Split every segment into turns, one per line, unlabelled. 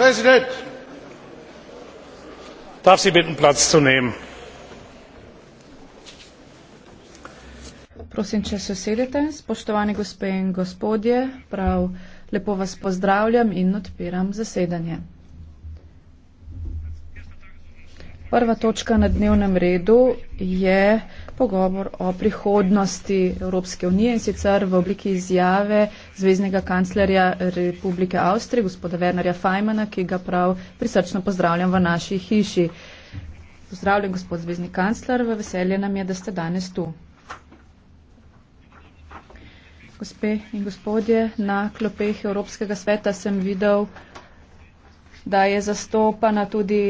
präsident! ich darf sie bitten platz zu nehmen.
prosim če se usedete spoštovane gospe in gospodje prav lepo vas pozdravljam in odpiram zasedanje. prva točka na dnevnem redu je pogovor o prihodnosti Evropske unije in sicer v obliki izjave zvezdnega kanclerja Republike Avstrije, gospoda Wernerja Fajmana, ki ga prav prisrčno pozdravljam v naši hiši. Pozdravljen, gospod zvezdni kancler, v veselje nam je, da ste danes tu. Gospe in gospodje, na klopeh Evropskega sveta sem videl, da je zastopana tudi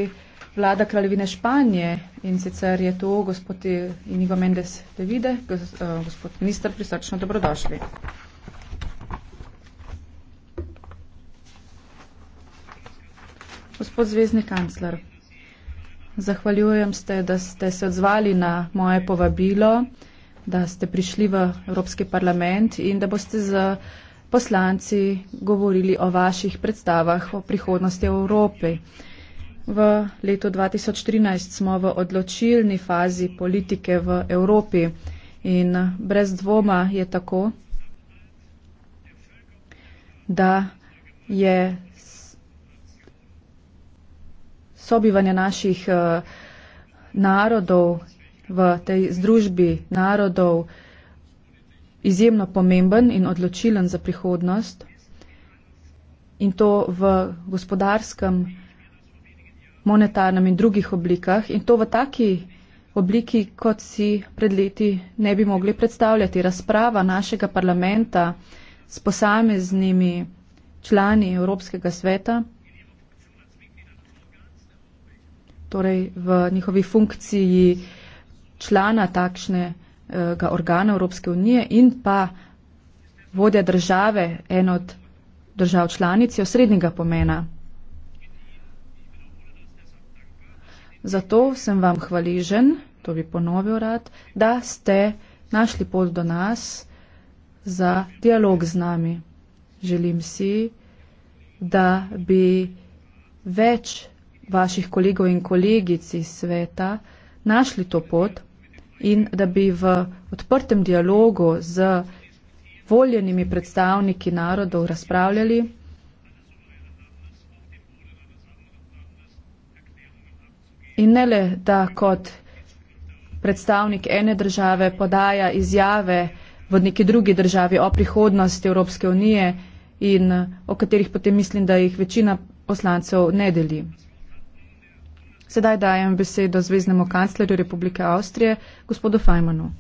vlada kraljevine Španije in sicer je to gospod Inigo Mendes de Vide, eh, gospod minister, prisrčno dobrodošli. Gospod zvezdni kancler, zahvaljujem ste, da ste se odzvali na moje povabilo, da ste prišli v Evropski parlament in da boste z poslanci govorili o vaših predstavah o prihodnosti Evropi. V letu 2013 smo v odločilni fazi politike v Evropi in brez dvoma je tako, da je sobivanje naših eh, narodov v tej združbi narodov izjemno pomemben in odločilen za prihodnost in to v gospodarskem, monetarnem in drugih oblikah in to v taki obliki, kot si pred leti ne bi mogli predstavljati. Razprava našega parlamenta s posameznimi člani Evropskega sveta, torej v njihovi funkciji člana takšnega organa Evropske unije in pa vodja države, en od držav članic, je osrednjega pomena. Zato sem vam hvaležen, to bi ponovil rad, da ste našli pot do nas za dialog z nami. Želim si, da bi več vaših kolegov in kolegic iz sveta našli to pot in da bi v odprtem dialogu z voljenimi predstavniki narodov razpravljali in ne le, da kot predstavnik ene države podaja izjave v neki drugi državi o prihodnosti Evropske unije in o katerih potem mislim, da jih večina poslancev ne deli. Sedaj dajem besedo zveznemu kanclerju Republike Avstrije, gospodu Fajmanu.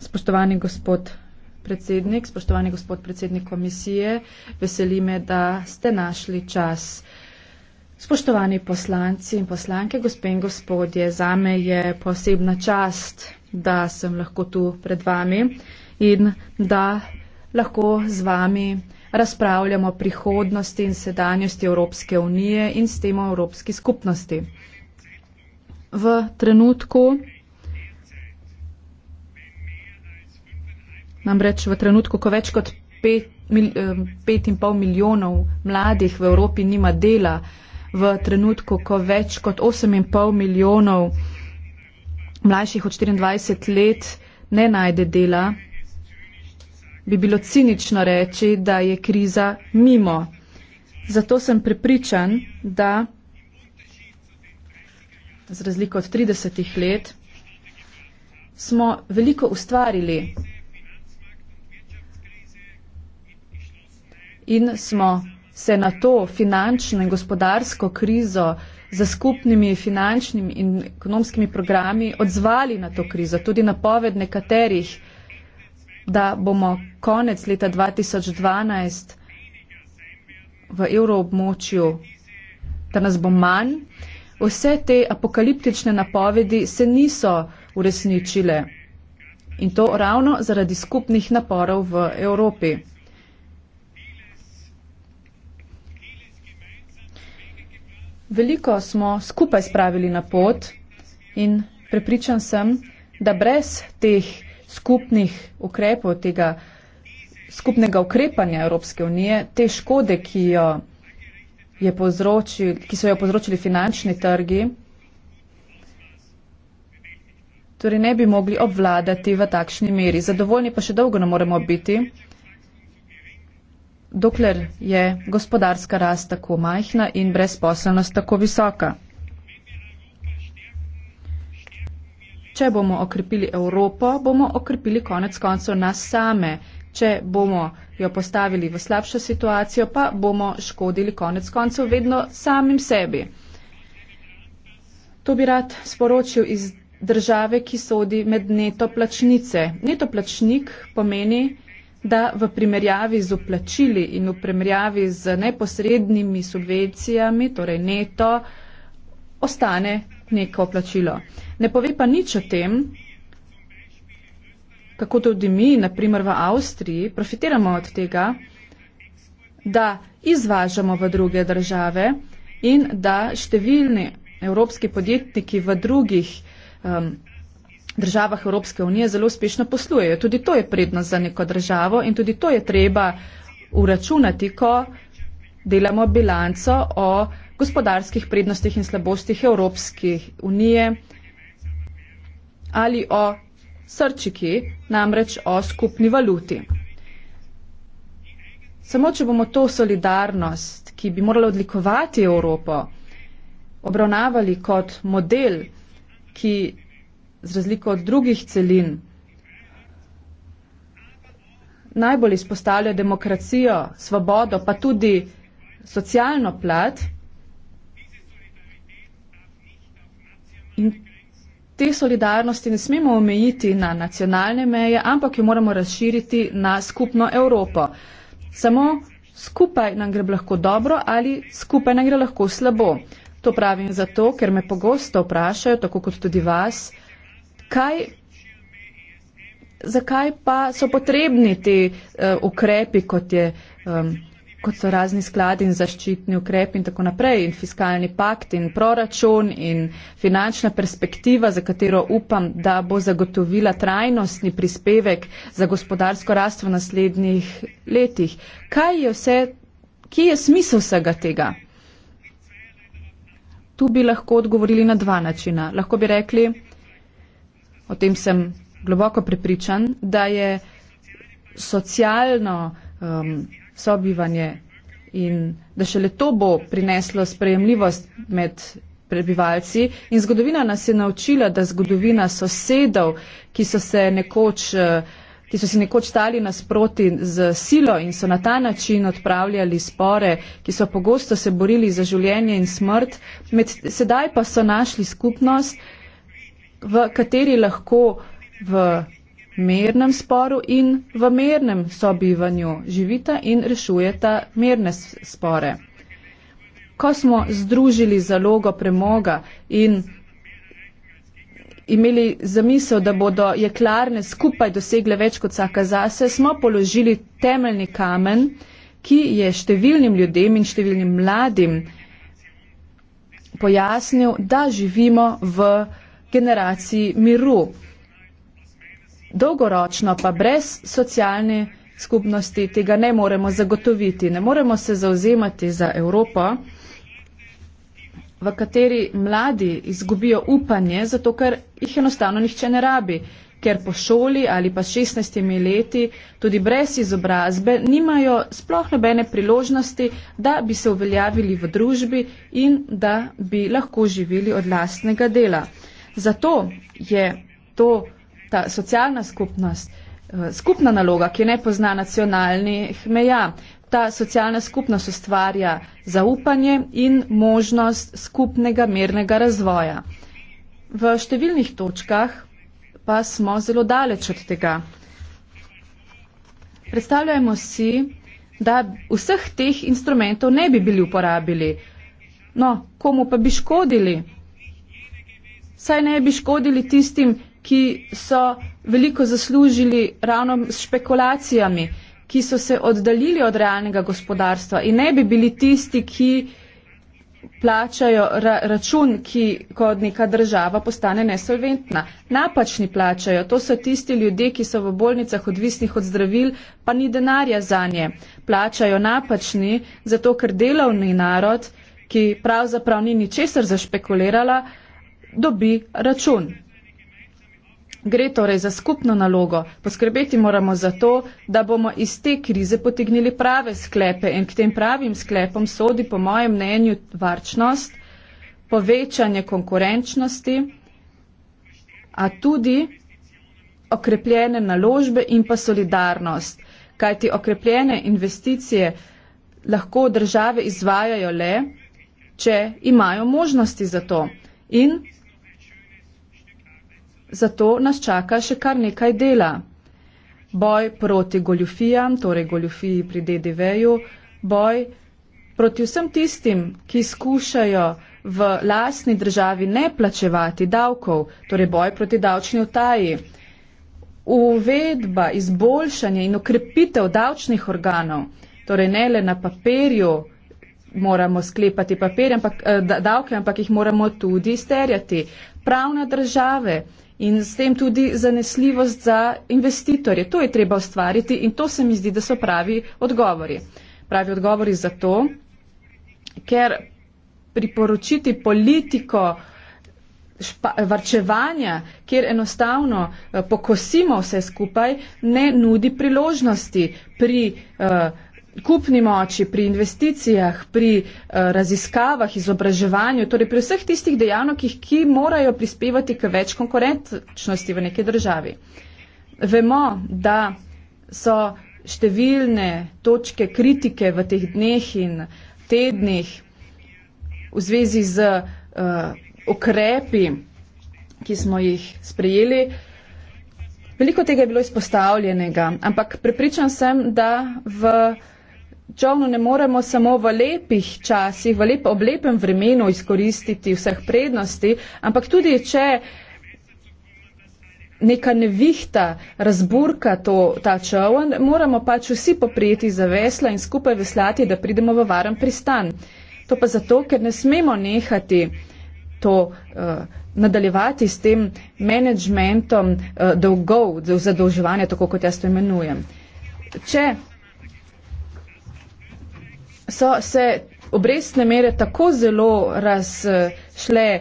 Spoštovani gospod predsednik, spoštovani gospod predsednik komisije, veseli me, da ste našli čas. Spoštovani poslanci in poslanke, gospe in gospodje, za me je posebna čast, da sem lahko tu pred vami in da lahko z vami razpravljamo o prihodnosti in sedanjosti Evropske unije in s tem o Evropski skupnosti. V trenutku Namreč v trenutku, ko več kot 5,5 milijonov mladih v Evropi nima dela, v trenutku, ko več kot 8,5 milijonov mlajših od 24 let ne najde dela, bi bilo cinično reči, da je kriza mimo. Zato sem prepričan, da z razliko od 30 let smo veliko ustvarili. in smo se na to finančno in gospodarsko krizo za skupnimi finančnimi in ekonomskimi programi odzvali na to krizo. Tudi napoved nekaterih, da bomo konec leta 2012 v evroobmočju, da nas bo manj, vse te apokaliptične napovedi se niso uresničile. In to ravno zaradi skupnih naporov v Evropi. Veliko smo skupaj spravili na pot in prepričan sem, da brez teh skupnih ukrepov, tega skupnega ukrepanja Evropske unije, te škode, ki, jo je ki so jo povzročili finančni trgi, torej ne bi mogli obvladati v takšni meri. Zadovoljni pa še dolgo ne moremo biti dokler je gospodarska rast tako majhna in brezposelnost tako visoka. Če bomo okrepili Evropo, bomo okrepili konec koncev nas same. Če bomo jo postavili v slabšo situacijo, pa bomo škodili konec koncev vedno samim sebi. To bi rad sporočil iz države, ki sodi med neto plačnice. Neto plačnik pomeni, da v primerjavi z uplačili in v primerjavi z neposrednimi subvencijami, torej neto, ostane neko plačilo. Ne pove pa nič o tem, kako tudi mi, naprimer v Avstriji, profitiramo od tega, da izvažamo v druge države in da številni evropski podjetniki v drugih um, državah Evropske unije zelo uspešno poslujejo. Tudi to je prednost za neko državo in tudi to je treba uračunati, ko delamo bilanco o gospodarskih prednostih in slabostih Evropske unije ali o srčiki, namreč o skupni valuti. Samo, če bomo to solidarnost, ki bi morala odlikovati Evropo, obravnavali kot model, ki z razliko od drugih celin najbolj izpostavlja demokracijo, svobodo, pa tudi socialno plat. In te solidarnosti ne smemo omejiti na nacionalne meje, ampak jo moramo razširiti na skupno Evropo. Samo skupaj nam gre lahko dobro ali skupaj nam gre lahko slabo. To pravim zato, ker me pogosto vprašajo, tako kot tudi vas, kaj, zakaj pa so potrebni ti uh, ukrepi, kot, je, um, kot so razni skladi in zaščitni ukrepi in tako naprej, in fiskalni pakt in proračun in finančna perspektiva, za katero upam, da bo zagotovila trajnostni prispevek za gospodarsko rast v naslednjih letih. Kaj je vse, kje je smisel vsega tega? Tu bi lahko odgovorili na dva načina. Lahko bi rekli, o tem sem globoko prepričan, da je socialno um, sobivanje in da šele to bo prineslo sprejemljivost med prebivalci. In zgodovina nas je naučila, da zgodovina sosedov, ki so se nekoč. Uh, ki so si nekoč stali nasproti z silo in so na ta način odpravljali spore, ki so pogosto se borili za življenje in smrt, med, sedaj pa so našli skupnost, v kateri lahko v mernem sporu in v mernem sobivanju živita in rešujeta merne spore. Ko smo združili zalogo premoga in imeli zamisel, da bodo jeklarne skupaj dosegle več kot vsaka zase, smo položili temeljni kamen, ki je številnim ljudem in številnim mladim pojasnil, da živimo v generaciji miru. Dolgoročno pa brez socialne skupnosti tega ne moremo zagotoviti. Ne moremo se zauzemati za Evropo, v kateri mladi izgubijo upanje, zato ker jih enostavno nihče ne rabi, ker po šoli ali pa 16 leti tudi brez izobrazbe nimajo sploh nobene priložnosti, da bi se uveljavili v družbi in da bi lahko živeli od lastnega dela. Zato je to ta socialna skupnost, eh, skupna naloga, ki ne pozna nacionalnih meja. Ta socialna skupnost ustvarja zaupanje in možnost skupnega mernega razvoja. V številnih točkah pa smo zelo daleč od tega. Predstavljajmo si, da vseh teh instrumentov ne bi bili uporabili. No, komu pa bi škodili? saj ne bi škodili tistim, ki so veliko zaslužili ravno s špekulacijami, ki so se oddaljili od realnega gospodarstva in ne bi bili tisti, ki plačajo ra račun, ki kot neka država postane nesolventna. Napačni plačajo, to so tisti ljudje, ki so v bolnicah odvisnih od zdravil, pa ni denarja za nje. Plačajo napačni, zato ker delovni narod, ki pravzaprav ni ničesar zašpekulirala, uh, dobi račun. Gre torej za skupno nalogo. Poskrbeti moramo za to, da bomo iz te krize potegnili prave sklepe in k tem pravim sklepom sodi po mojem mnenju varčnost, povečanje konkurenčnosti, a tudi okrepljene naložbe in pa solidarnost. Kajti okrepljene investicije lahko države izvajajo le, če imajo možnosti za to. In zato nas čaka še kar nekaj dela. Boj proti goljufijam, torej goljufiji pri DDV-ju, boj proti vsem tistim, ki skušajo v lastni državi ne plačevati davkov, torej boj proti davčni utaji. Uvedba, izboljšanje in okrepitev davčnih organov, torej ne le na papirju moramo sklepati papir, ampak, eh, davke, ampak jih moramo tudi izterjati. Pravna države in s tem tudi zanesljivost za investitorje. To je treba ustvariti in to se mi zdi, da so pravi odgovori. Pravi odgovori zato, ker priporočiti politiko varčevanja, kjer enostavno eh, pokosimo vse skupaj, ne nudi priložnosti pri. Uh, kupni moči, pri investicijah, pri eh, raziskavah, izobraževanju, torej pri vseh tistih dejavnikih, ki morajo prispevati k več konkurenčnosti v neki državi. Vemo, da so številne točke kritike v teh dneh in tednih v zvezi z uh, ukrepi, ki smo jih sprejeli. Veliko tega je bilo izpostavljenega, ampak prepričan sem, da v uh, čovnu ne moremo samo v lepih časih, v lep, lepem vremenu izkoristiti vseh prednosti, ampak tudi če neka nevihta razburka to, ta čovn, moramo pač vsi poprijeti za vesla in skupaj veslati, da pridemo v varen pristan. To pa zato, ker ne smemo nehati to uh, nadaljevati s tem menedžmentom uh, dolgov, zadolževanja, tako kot jaz to imenujem. Če so se obrestne mere tako zelo razšle,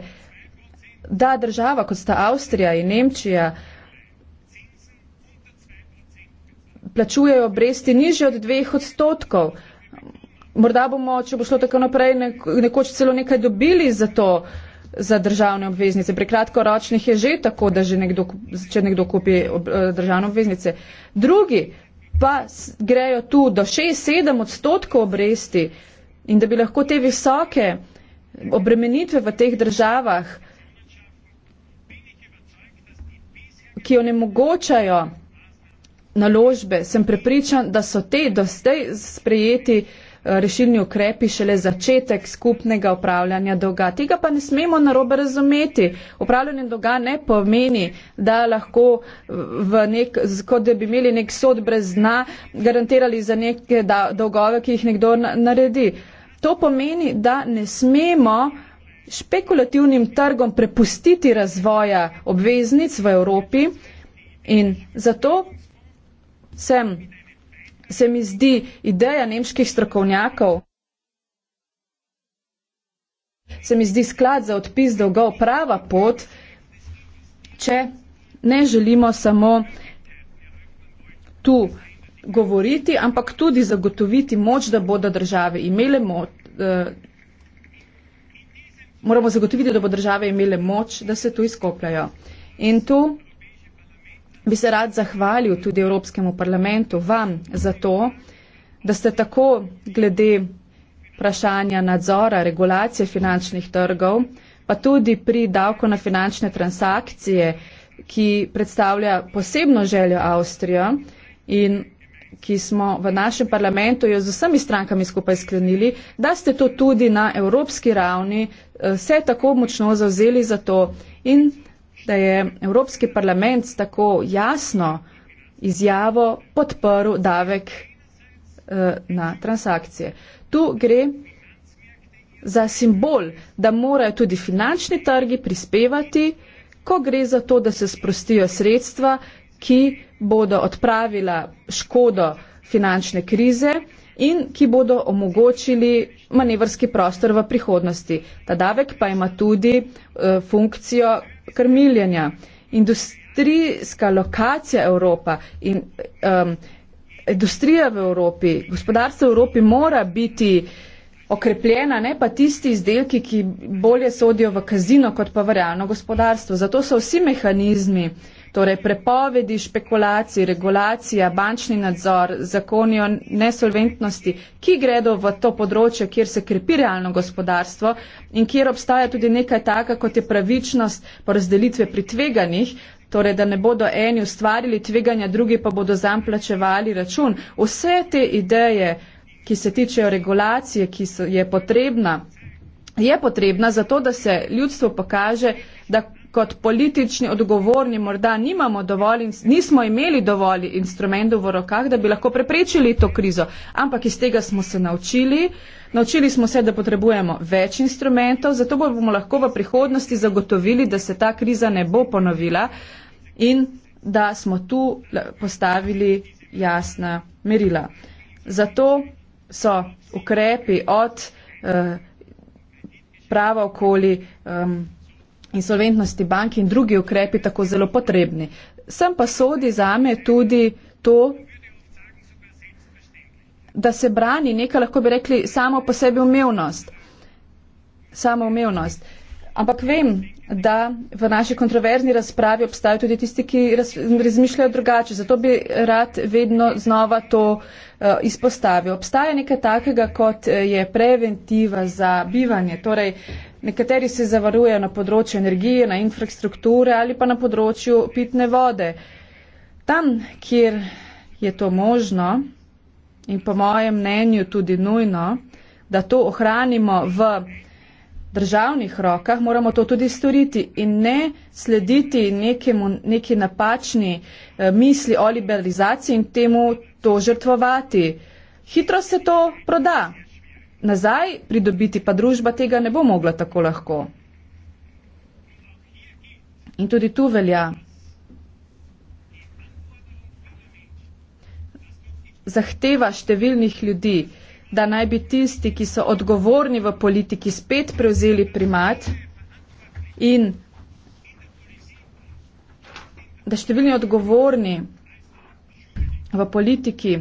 da država, kot sta Avstrija in Nemčija, plačujejo obresti niže od dveh odstotkov. Morda bomo, če bo šlo tako naprej, nekoč celo nekaj dobili za to, za državne obveznice. Pri kratkoročnih je že tako, da že nekdo, če nekdo kupi eh, državne obveznice. Drugi pa grejo tu do 6-7 odstotkov obresti in da bi lahko te visoke obremenitve v teh državah, ki jo ne mogočajo naložbe, sem prepričan, da so te do zdaj sprejeti uh, rešilni ukrepi šele začetek skupnega upravljanja dolga. Tega pa ne smemo narobe razumeti. Upravljanje dolga ne pomeni, da lahko, nek, kot da bi imeli nek sod brez dna, garantirali za neke dolgove, ki jih nekdo naredi. To pomeni, da ne smemo špekulativnim trgom prepustiti razvoja obveznic v Evropi in zato sem se mi zdi ideja nemških strokovnjakov, se mi zdi sklad za odpis dolgov prava pot, če ne želimo samo tu govoriti, ampak tudi zagotoviti moč, da bodo države imele moč. Eh, moramo zagotoviti, da bo države imele moč, da se tu izkopljajo. In tu bi se rad zahvalil tudi Evropskemu parlamentu vam za to, da ste tako glede vprašanja nadzora, regulacije finančnih trgov, pa tudi pri davko na finančne transakcije, ki predstavlja posebno željo Avstrijo in ki smo v našem parlamentu jo z vsemi strankami skupaj sklenili, da ste to tudi na evropski ravni eh, se tako močno zauzeli za to in da je Evropski parlament s tako jasno izjavo podprl davek eh, na transakcije. Tu gre za simbol, da morajo tudi finančni trgi prispevati, ko gre za to, da se sprostijo sredstva, ki bodo odpravila škodo finančne krize in ki bodo omogočili manevrski prostor v prihodnosti. Ta davek pa ima tudi uh, funkcijo krmiljenja, industrijska lokacija Evropa in um, industrija v Evropi, gospodarstvo v Evropi mora biti okrepljena, ne pa tisti izdelki, ki bolje sodijo v kazino kot pa v realno gospodarstvo. Zato so vsi mehanizmi uh, Torej prepovedi, špekulacije, regulacija, bančni nadzor, zakonijo nesolventnosti, ki gredo v to področje, kjer se krepi realno gospodarstvo in kjer obstaja tudi nekaj taka, kot je pravičnost porazdelitve pri tveganih, torej da ne bodo eni ustvarili tveganja, drugi pa bodo zam plačevali račun. Vse te ideje, ki se tičejo regulacije, ki so, je potrebna, je potrebna zato, da se ljudstvo pokaže, da kot politični odgovorni morda nimamo dovolj, nismo imeli dovolj instrumentov v rokah, da bi lahko preprečili to krizo, ampak iz tega smo se naučili. Naučili smo se, da potrebujemo več instrumentov, zato bomo lahko v prihodnosti zagotovili, da se ta kriza ne bo ponovila in da smo tu postavili jasna merila. Zato so ukrepi od eh, prava okoli. Eh, insolventnosti bank in drugi ukrepi tako zelo potrebni. Sem pa sodi zame tudi to, da se brani neka, lahko bi rekli, samo po sebi umevnost. Samo umevnost. Ampak vem, da v naši kontroverzni razpravi obstajajo tudi tisti, ki razmišljajo drugače. Zato bi rad vedno znova to uh, izpostavil. Obstaja nekaj takega, kot eh, je preventiva za bivanje. Torej, uh, Nekateri se zavarujejo na področju energije, na infrastrukture ali pa na področju pitne vode. Tam, kjer je to možno in po mojem mnenju tudi nujno, da to ohranimo v državnih rokah, moramo to tudi storiti in ne slediti nekemu, neki napačni eh, misli o liberalizaciji in temu to žrtvovati. Hitro se to proda nazaj pridobiti, pa družba tega ne bo mogla tako lahko. In tudi tu velja. Zahteva številnih ljudi, da naj bi tisti, ki so odgovorni v politiki, spet prevzeli primat in da številni odgovorni v politiki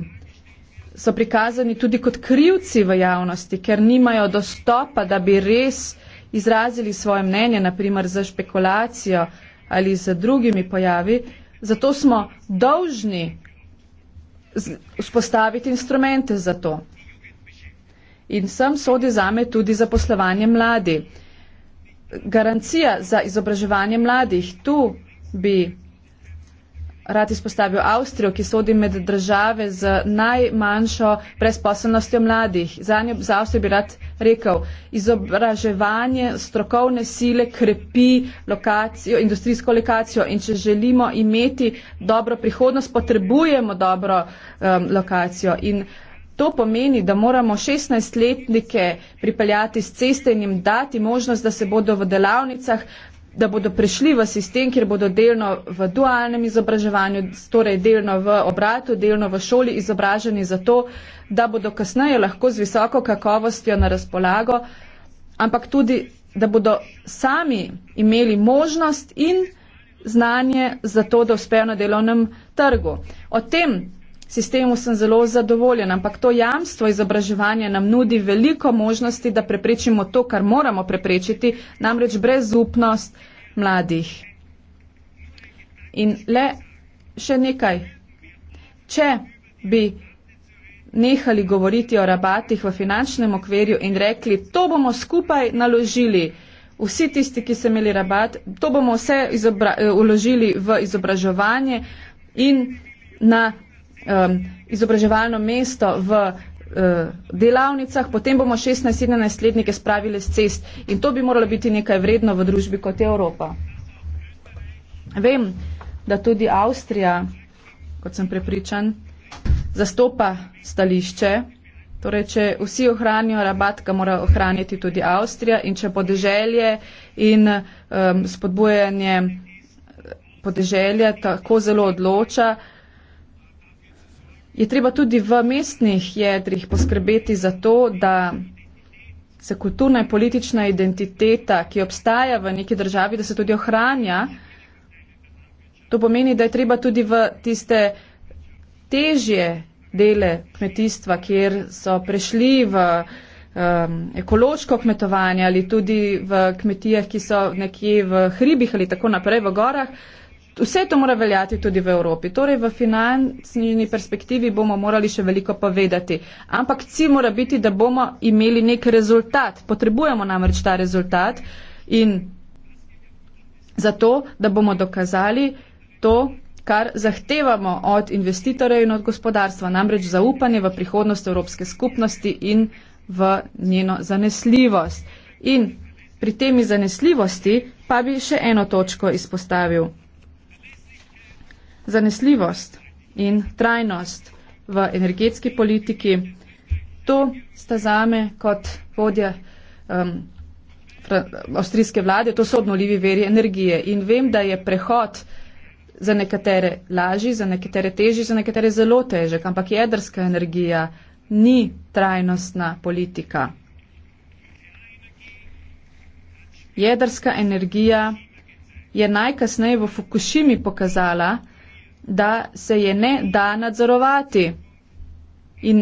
so prikazani tudi kot krivci v javnosti, ker nimajo dostopa, da bi res izrazili svoje mnenje, naprimer za špekulacijo ali za drugimi pojavi. Zato smo dolžni vzpostaviti instrumente za to. In sem sodi zame tudi za poslovanje mladi. Garancija za izobraževanje mladih, tu bi rad izpostavil Avstrijo, ki sodi med države z najmanjšo brezposobnostjo mladih. Za, njo, za Avstrijo bi rad rekel, izobraževanje strokovne sile krepi lokacijo, industrijsko lokacijo in če želimo imeti dobro prihodnost, potrebujemo dobro um, lokacijo. In To pomeni, da moramo 16-letnike pripeljati s ceste in jim dati možnost, da se bodo v delavnicah da bodo prišli v sistem, kjer bodo delno v dualnem izobraževanju, torej delno v obratu, delno v šoli izobraženi za to, da bodo kasneje lahko z visoko kakovostjo na razpolago, ampak tudi, da bodo sami imeli možnost in znanje za to, da uspejo na delovnem trgu. O tem, sistemu sem zelo zadovoljen, ampak to jamstvo izobraževanja nam nudi veliko možnosti, da preprečimo to, kar moramo preprečiti, namreč brezupnost mladih. In le še nekaj. Če bi nehali govoriti o rabatih v finančnem okvirju in rekli, to bomo skupaj naložili, vsi tisti, ki so imeli rabat, to bomo vse uložili eh, v izobraževanje in na um, izobraževalno mesto v uh, delavnicah, potem bomo 16-17 letnike spravili z cest in to bi moralo biti nekaj vredno v družbi kot Evropa. Vem, da tudi Avstrija, kot sem prepričan, zastopa stališče. Torej, če vsi ohranijo rabat, ga mora ohraniti tudi Avstrija in če podeželje in um, spodbojanje podeželja tako zelo odloča, uh, je treba tudi v mestnih jedrih poskrbeti za to, da se kulturna in politična identiteta, ki obstaja v neki državi, da se tudi ohranja. To pomeni, da je treba tudi v tiste težje dele kmetijstva, kjer so prešli v um, ekološko kmetovanje ali tudi v kmetijah, ki so nekje v hribih ali tako naprej v gorah, uh, Vse to mora veljati tudi v Evropi. Torej, v finančni perspektivi bomo morali še veliko povedati. Ampak cilj mora biti, da bomo imeli nek rezultat. Potrebujemo namreč ta rezultat in zato, da bomo dokazali to, kar zahtevamo od investitorjev in od gospodarstva, namreč zaupanje v prihodnost Evropske skupnosti in v njeno zanesljivost. In pri temi zanesljivosti pa bi še eno točko izpostavil zanesljivost in trajnost v energetski politiki. To sta zame kot vodja um, avstrijske vlade, to so obnovljivi veri energije in vem, da je prehod za nekatere lažji, za nekatere težji, za nekatere zelo težek, ampak jedrska energija ni trajnostna politika. Jedrska energija je najkasneje v Fukushimi pokazala, da se je ne da nadzorovati. In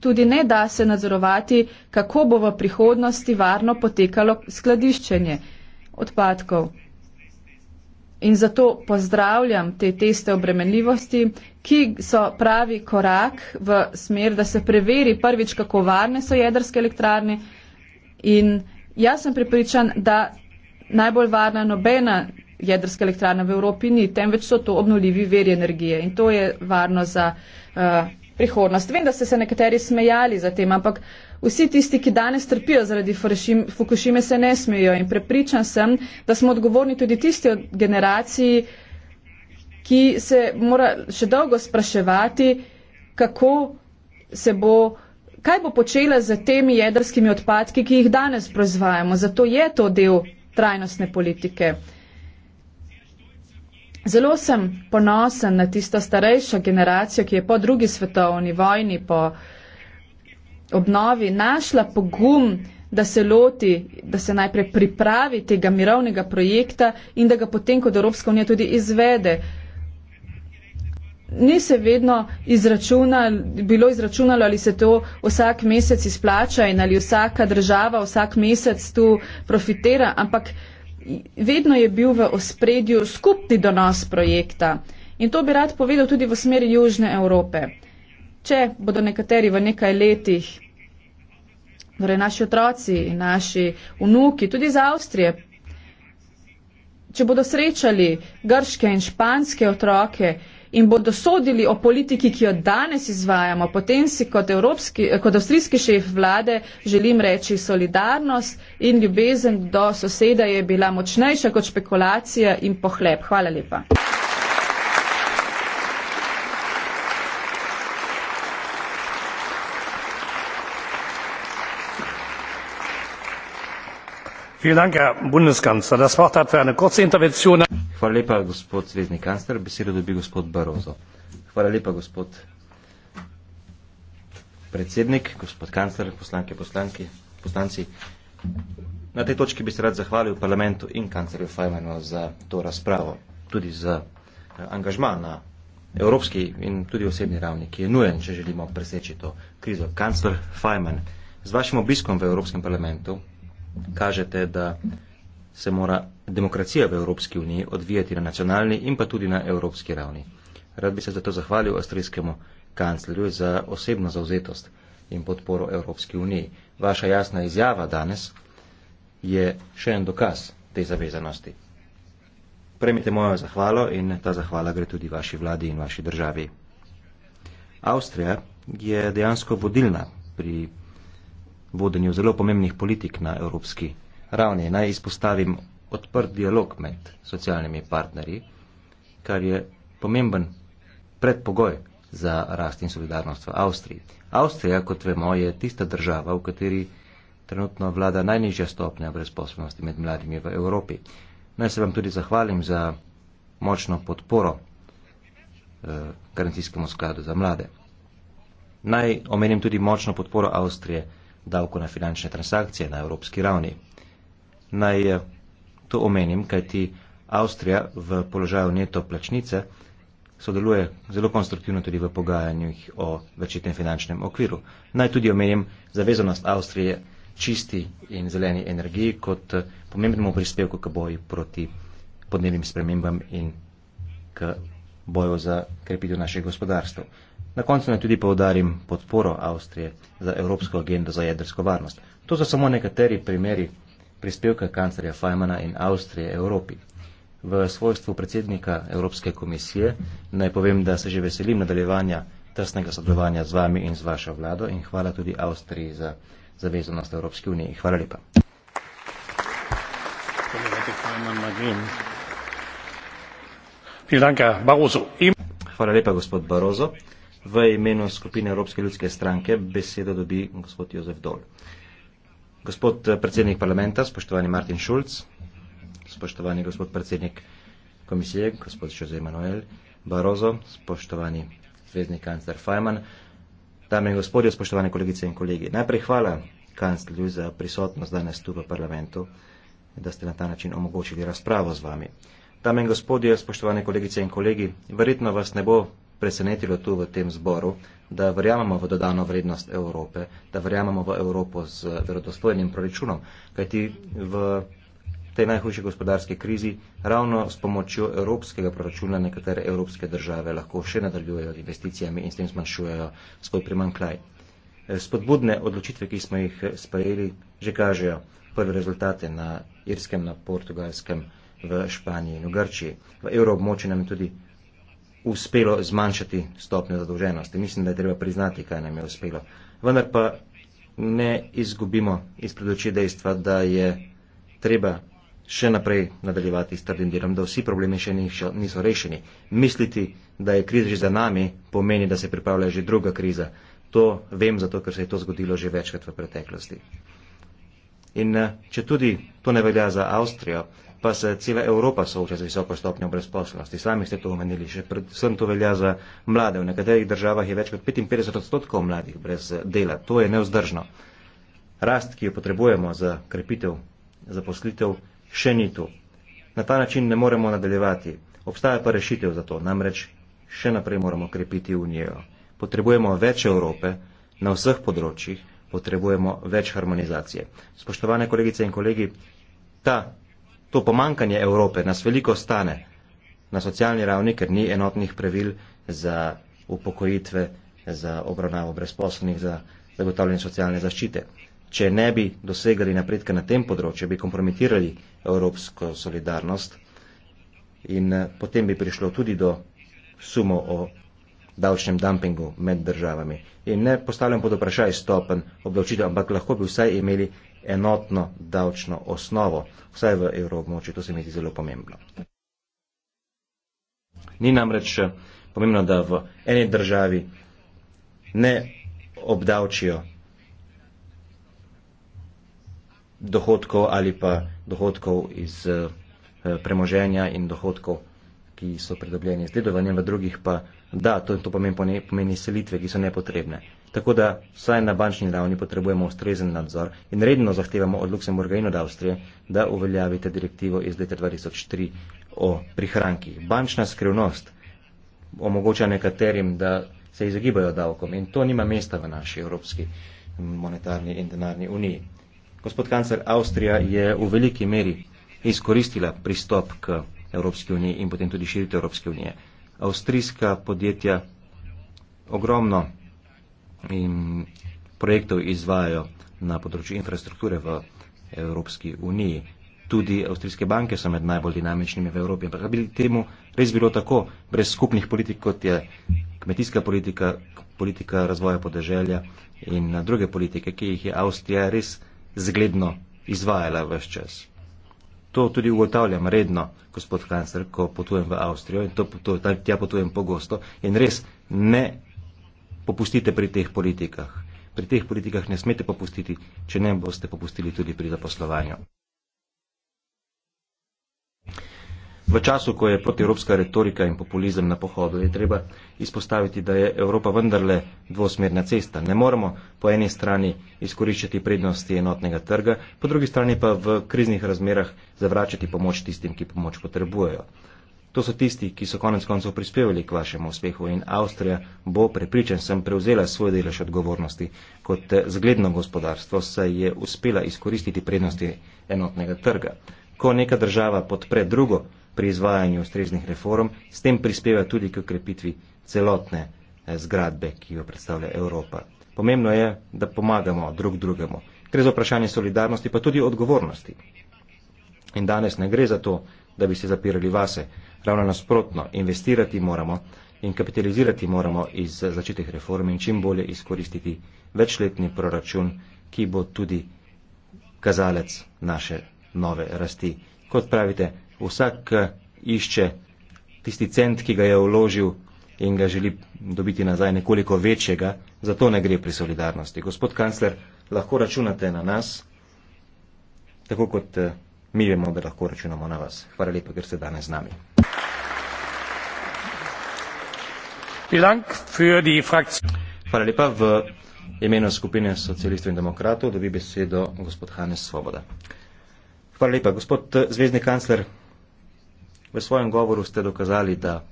tudi ne da se nadzorovati, kako bo v prihodnosti varno potekalo skladiščenje odpadkov. In zato pozdravljam te teste obremenljivosti, ki so pravi korak v smer, da se preveri prvič, kako varne so jedrske elektrarne. In jaz sem pripričan, da najbolj varna nobena jedrske elektrarne v Evropi ni, temveč so to obnovljivi veri energije in to je varno za uh, prihodnost. Vem, da ste se nekateri smejali za tem, ampak vsi tisti, ki danes trpijo zaradi Fukushime, se ne smejo in prepričan sem, da smo odgovorni tudi tisti od generaciji, ki se mora še dolgo spraševati, kako se bo. Kaj bo počela z temi jedrskimi odpadki, ki jih danes proizvajamo? Zato je to del trajnostne politike. Zelo sem ponosen na tisto starejšo generacijo, ki je po drugi svetovni vojni, po obnovi našla pogum, da se loti, da se najprej pripravi tega mirovnega projekta in da ga potem kot Evropska unija tudi izvede. Ni se vedno izračunal, bilo izračunalo, ali se to vsak mesec izplača in ali vsaka država vsak mesec tu profitira, ampak vedno je bil v ospredju skupni donos projekta in to bi rad povedal tudi v smeri Južne Evrope. Če bodo nekateri v nekaj letih, torej naši otroci in naši vnuki, tudi iz Avstrije, če bodo srečali grške in španske otroke, in bodo sodili o politiki, ki jo danes izvajamo, potem si kot, evropski, kot avstrijski šef vlade želim reči solidarnost in ljubezen do soseda je bila močnejša kot špekulacija in pohlep. Hvala lepa.
hvala
lepa gospod predsednik gospod kancler poslanke poslanki poslanci na tej točki bi se rad zahvalil parlamentu in kanclerju Feynmanu za to razpravo tudi za eh, angažma na evropski in tudi osebni ravni ki je nujen če želimo preseči to krizo kancler Feynman z vašim obiskom v evropskem parlamentu kažete, da se mora demokracija v Evropski uniji odvijati na nacionalni in pa tudi na evropski ravni. Rad bi se zato zahvalil avstrijskemu kanclerju za osebno zauzetost in podporo Evropski uniji. Vaša jasna izjava danes je še en dokaz te zavezanosti. Premite mojo zahvalo in ta zahvala gre tudi vaši vladi in vaši državi. Avstrija je dejansko vodilna pri vodenju zelo pomembnih politik na evropski ravni. Naj izpostavim odprt dialog med socialnimi partnerji, kar je pomemben predpogoj za rast in solidarnost v Avstriji. Avstrija, kot vemo, je tista država, v kateri trenutno vlada najnižja stopnja brezposobnosti med mladimi v Evropi. Naj se vam tudi zahvalim za močno podporo eh, garancijskemu skladu za mlade. Naj omenim tudi močno podporo Avstrije davku na finančne transakcije na evropski ravni. Naj eh, to omenim, kajti Avstrija v položaju neto plačnice sodeluje zelo konstruktivno tudi v pogajanjih o večitem finančnem okviru. Naj tudi omenim zavezanost Avstrije čisti in zeleni energiji kot eh, pomembnemu prispevku k boju proti podnebnim spremembam in k boju za krepitev naših gospodarstv. Na koncu naj tudi povdarim podporo Avstrije za Evropsko agendo za jedrsko varnost. To so samo nekateri primeri prispevka kancerja Fajmana in Avstrije Evropi. V svojstvu predsednika Evropske komisije naj povem, da se že veselim nadaljevanja tesnega sodelovanja z vami in z vašo vlado in hvala tudi Avstriji za zavezanost Evropske unije. Hvala lepa. Hvala lepa, gospod Barozo. V imenu skupine Evropske ljudske stranke besedo dobi gospod Jozef Dol. Gospod eh, predsednik parlamenta, spoštovani Martin Šulc, spoštovani gospod predsednik komisije, gospod Jose Emanuel Barozo, spoštovani zvezdni kancler Fajman, dame in gospodje, spoštovane kolegice in kolegi. Najprej hvala kanclerju za prisotnost danes tu v parlamentu, da ste na ta način omogočili razpravo z vami. Dame in gospodje, spoštovane kolegice in kolegi, verjetno vas ne bo presenetilo tu v tem zboru, da verjamemo v dodano vrednost Evrope, da verjamemo v Evropo z verodostojnim proračunom, kajti v tej najhujši gospodarski krizi ravno s pomočjo evropskega proračuna nekatere evropske države lahko še nadaljujejo investicijami in s tem zmanjšujejo svoj primankljaj. Spodbudne odločitve, ki smo jih sprejeli, že kažejo prve rezultate na Irskem, na Portugalskem, v Španiji in v Grčiji. V evroobmočju nam je tudi uspelo zmanjšati stopnjo zadolženosti. Mislim, da je treba priznati, kaj nam je uspelo. Vendar pa ne izgubimo izpred oči dejstva, da je treba še naprej nadaljevati s trdim delom, da vsi problemi še niso rešeni. Misliti, da je kriza že za nami, pomeni, da se pripravlja že druga kriza. To vem, zato ker se je to zgodilo že večkrat v preteklosti. In eh, če tudi to ne velja za Avstrijo, pa se cela Evropa sooča z visoko stopnjo brezposelnosti. Sami ste to omenili, še predvsem to velja za mlade. V nekaterih državah je več kot 55 odstotkov mladih brez eh, dela. To je neozdržno. Rast, ki jo potrebujemo za krepitev zaposlitev, še ni tu. Na ta način ne moremo nadaljevati. Obstaja pa rešitev za to. Namreč še naprej moramo krepiti unijo. Potrebujemo več Evrope na vseh področjih, potrebujemo več harmonizacije. Spoštovane kolegice in kolegi, ta To pomankanje Evrope nas veliko stane na socialni ravni, ker ni enotnih pravil za upokojitve, za obravnavo brezposobnih, za zagotavljanje socialne zaščite. Če ne bi dosegali napredka na tem področju, bi kompromitirali evropsko solidarnost in eh, potem bi prišlo tudi do sumo o davčnem dumpingu med državami. In ne postavljam pod vprašaj stopen obdavčitev, ampak lahko bi vsaj imeli enotno davčno osnovo, vsaj v evroobmočju. To se mi zdi zelo pomembno. Ni namreč eh, pomembno, da v eni državi ne obdavčijo dohodkov ali pa dohodkov iz eh, premoženja in dohodkov, ki so pridobljeni z dedovanjem, v drugih pa da, to, to pomeni, pomeni selitve, ki so nepotrebne. Tako da vsaj na bančni ravni potrebujemo ustrezen nadzor in redno zahtevamo od Luksemburga in od Avstrije, da uveljavite direktivo iz leta 2003 o prihrankih. Bančna skrivnost omogoča nekaterim, da se izogibajo davkom in to nima mesta v naši Evropski monetarni in denarni uniji. Gospod kancer, Avstrija je v veliki meri izkoristila pristop k Evropski uniji in potem tudi širitev Evropske unije avstrijska podjetja ogromno in projektov izvajajo na področju infrastrukture v Evropski uniji. Tudi avstrijske banke so med najbolj dinamičnimi v Evropi, ampak bi temu res bilo tako, brez skupnih politik, kot je kmetijska politika, politika razvoja podeželja in druge politike, ki jih je Avstrija res zgledno izvajala vse čas to tudi ugotavljam redno, gospod kancler, ko potujem v Avstrijo in to, to, tja potujem pogosto in res ne popustite pri teh politikah. Pri teh politikah ne smete popustiti, če ne boste popustili tudi pri zaposlovanju. V času, ko je protievropska retorika in populizem na pohodu, je treba izpostaviti, da je Evropa vendarle dvosmerna cesta. Ne moremo po eni strani izkoriščati prednosti enotnega trga, po drugi strani pa v kriznih razmerah zavračati pomoč tistim, ki pomoč potrebujejo. To so tisti, ki so konec koncev prispevali k vašemu uspehu in Avstrija bo prepričan sem prevzela svoj delež odgovornosti kot eh, zgledno gospodarstvo, saj je uspela izkoristiti prednosti enotnega trga. Ko neka država podpre drugo, pri izvajanju ustreznih reform, s tem prispeva tudi k ukrepitvi celotne eh, zgradbe, ki jo predstavlja Evropa. Pomembno je, da pomagamo drug drugemu. Gre za vprašanje solidarnosti, pa tudi odgovornosti. In danes ne gre za to, da bi se zapirali vase. Ravno nasprotno, investirati moramo in kapitalizirati moramo iz eh, začetih reform in čim bolje izkoristiti večletni proračun, ki bo tudi kazalec naše nove rasti. Kot pravite, vsak eh, išče tisti cent, ki ga je vložil in ga želi dobiti nazaj nekoliko večjega, zato ne gre pri solidarnosti. Gospod kancler, lahko računate na nas, tako kot eh, mi vemo, da lahko računamo na vas. Hvala lepa, ker ste danes z nami. Hvala lepa. V imenu skupine socialistov in demokratov dobi besedo gospod Hanes Svoboda. Hvala lepa, gospod eh, zvezdni kancler. V svojem govoru ste dokazali, da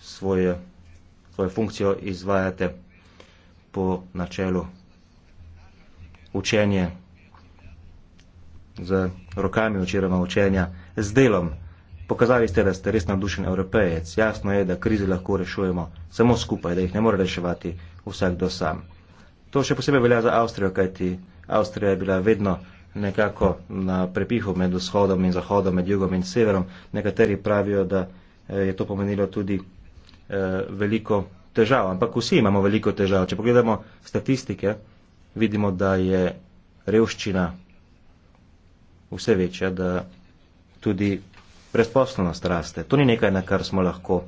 svoje, svojo funkcijo izvajate po načelu učenje z rokami očiroma učenja z delom. Pokazali ste, da ste res navdušen evropejec. Jasno je, da krize lahko rešujemo samo skupaj, da jih ne more reševati vsakdo sam. To še posebej velja za Avstrijo, kajti Avstrija je bila vedno nekako na prepihu med vzhodom in zahodom, med jugom in severom. Nekateri pravijo, da eh, je to pomenilo tudi eh, veliko težav, ampak vsi imamo veliko težav. Če pogledamo statistike, vidimo, da je revščina vse večja, da tudi brezposlenost raste. To ni nekaj, na kar smo lahko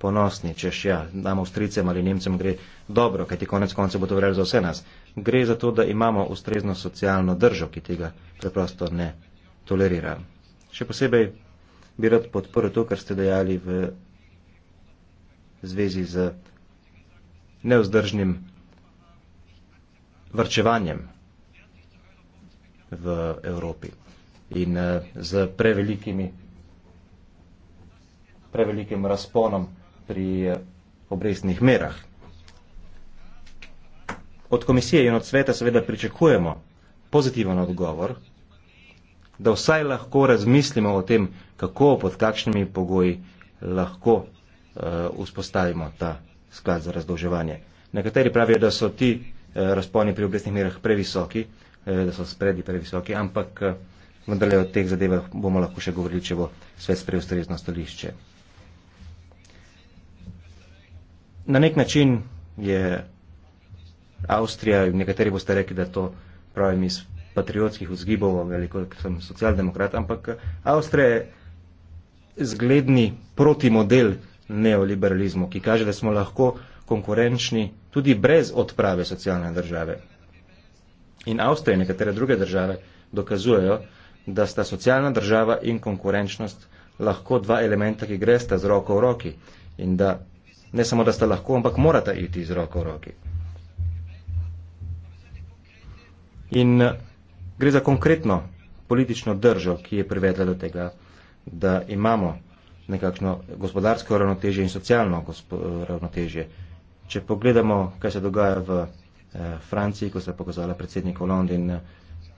ponosni, češ ja, nam avstricem ali nemcem gre dobro, kajti konec konca bo to veljalo za vse nas. Gre za to, da imamo ustrezno socialno držo, ki tega preprosto ne tolerira. Še posebej bi rad podprl to, kar ste dejali v zvezi z neuzdržnim vrčevanjem v Evropi in eh, z prevelikimi, prevelikim razponom pri eh, obresnih merah od komisije in od sveta seveda pričakujemo pozitiven odgovor, da vsaj lahko razmislimo o tem, kako pod kakšnimi pogoji lahko uh, vzpostavimo ta sklad za razdolževanje. Nekateri pravijo, da so ti uh, razponi pri obresnih merah previsoki, uh, da so spredi previsoki, ampak uh, vendarle o teh zadevah bomo lahko še govorili, če bo svet sprejel ustrezno stališče. Na nek način je Avstrija, nekateri boste rekli, da to pravim iz patriotskih vzgibov, veliko sem socialdemokrat, ampak Avstrija je zgledni protimodel neoliberalizmu, ki kaže, da smo lahko konkurenčni tudi brez odprave socialne države. In Avstrija in nekatere druge države dokazujejo, da sta socialna država in konkurenčnost lahko dva elementa, ki gresta z roko v roki. In da ne samo, da sta lahko, ampak morata iti z roko v roki. In eh, gre za konkretno politično držo, ki je privedla do tega, da imamo nekakšno gospodarsko ravnotežje in socialno eh, ravnotežje. Če pogledamo, kaj se dogaja v eh, Franciji, ko se je pokazala predsednik Hollande in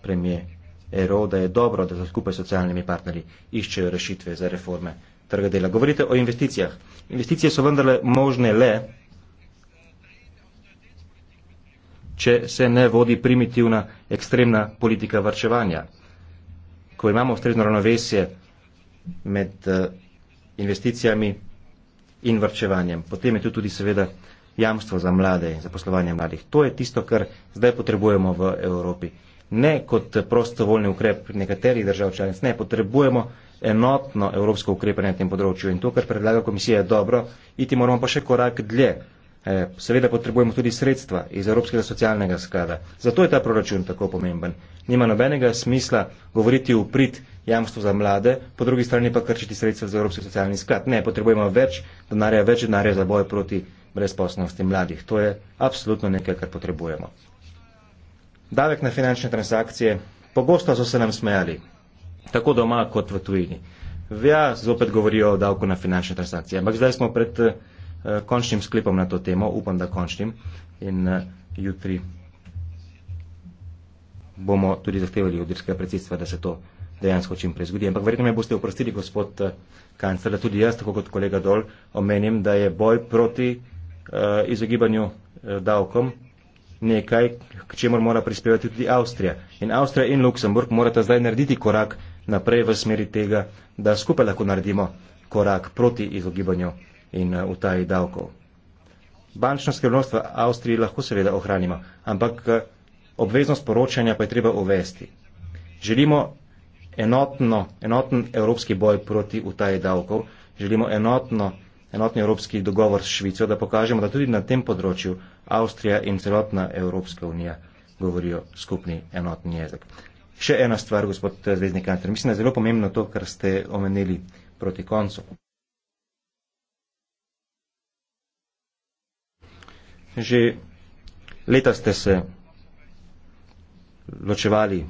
premijer Ero, da je dobro, da skupaj s socialnimi partnerji iščejo rešitve za reforme trga dela. Govorite o investicijah. Investicije so vendarle možne le, če se ne vodi primitivna, ekstremna politika varčevanja. Ko imamo ustrezno ravnovesje med eh, investicijami in varčevanjem, potem je tu tudi seveda jamstvo za mlade in zaposlovanje mladih. To je tisto, kar zdaj potrebujemo v Evropi. Ne kot prostovoljni ukrep nekaterih držav članic, ne, potrebujemo enotno evropsko ukrepanje na tem področju. In to, kar predlaga komisija, je dobro, iti moramo pa še korak dlje. Eh, seveda potrebujemo tudi sredstva iz Evropskega socialnega sklada. Zato je ta proračun tako pomemben. Nima nobenega smisla govoriti v prid jamstvo za mlade, po drugi strani pa krčiti sredstva za Evropski socialni sklad. Ne, potrebujemo več denarja, več denarja za boje proti brezposobnosti mladih. To je absolutno nekaj, kar potrebujemo. Davek na finančne transakcije. Pogosto so se nam smejali, tako doma kot v tujini. Ja, zopet govorijo o davku na finančne transakcije, ampak zdaj smo pred eh, Eh, končnim sklepom na to temo, upam, da končnim in eh, jutri bomo tudi zahtevali od irskega predsedstva, da se to dejansko čim prej zgodi. Ampak verjetno me boste oprostili, gospod eh, kancler, da tudi jaz, tako kot kolega Dol, omenim, da je boj proti uh, izogibanju uh, davkom nekaj, k čemur mora prispevati tudi Avstrija. In Avstrija in Luksemburg morata zdaj narediti korak naprej v smeri tega, da skupaj lahko naredimo korak proti izogibanju in eh, utaji davkov. Bančno skrivnost v Avstriji lahko seveda ohranimo, ampak eh, obveznost poročanja pa je treba uvesti. Želimo enotno, enoten evropski boj proti utaji davkov, želimo enotno, enotni evropski dogovor s Švico, da pokažemo, da tudi na tem področju Avstrija in celotna Evropska unija govorijo skupni enotni jezik. Še ena stvar, gospod eh, Zvezdni kantor, mislim, da je zelo pomembno to, kar ste omenili proti koncu. že leta ste se ločevali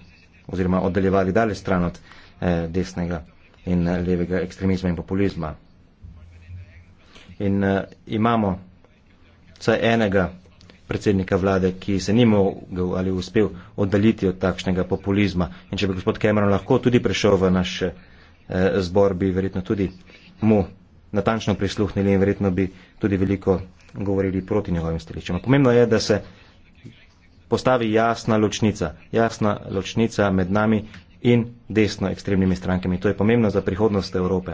oziroma oddaljevali dalje stran od eh, desnega in eh, levega ekstremizma in populizma. In eh, imamo vsaj enega predsednika vlade, ki se ni mogel ali uspel oddaljiti od takšnega populizma. In če bi gospod Cameron lahko tudi prišel v naš eh, zbor, bi verjetno tudi mu natančno prisluhnili in verjetno bi tudi veliko govorili proti njegovim stališčem. No, pomembno je, da se postavi jasna ločnica, jasna ločnica med nami in desno ekstremnimi strankami. To je pomembno za prihodnost Evrope.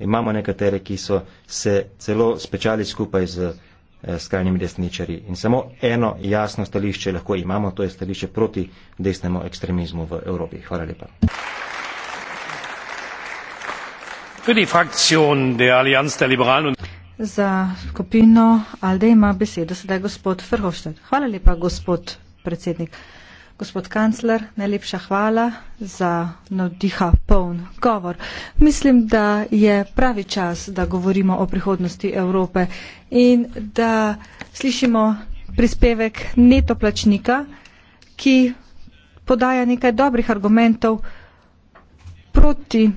Imamo nekatere, ki so se celo spečali skupaj z eh, skrajnimi desničari. In samo eno jasno stališče lahko imamo, to je stališče proti desnemu ekstremizmu v Evropi. Hvala lepa.
Für die Fraktion der Allianz der Liberalen und
Za skupino Alde ima besedo sedaj gospod Frhoštad. Hvala lepa, gospod predsednik. Gospod kancler, najlepša hvala za navdiha poln govor. Mislim, da je pravi čas, da govorimo o prihodnosti Evrope in da slišimo prispevek netoplačnika, ki podaja nekaj dobrih argumentov proti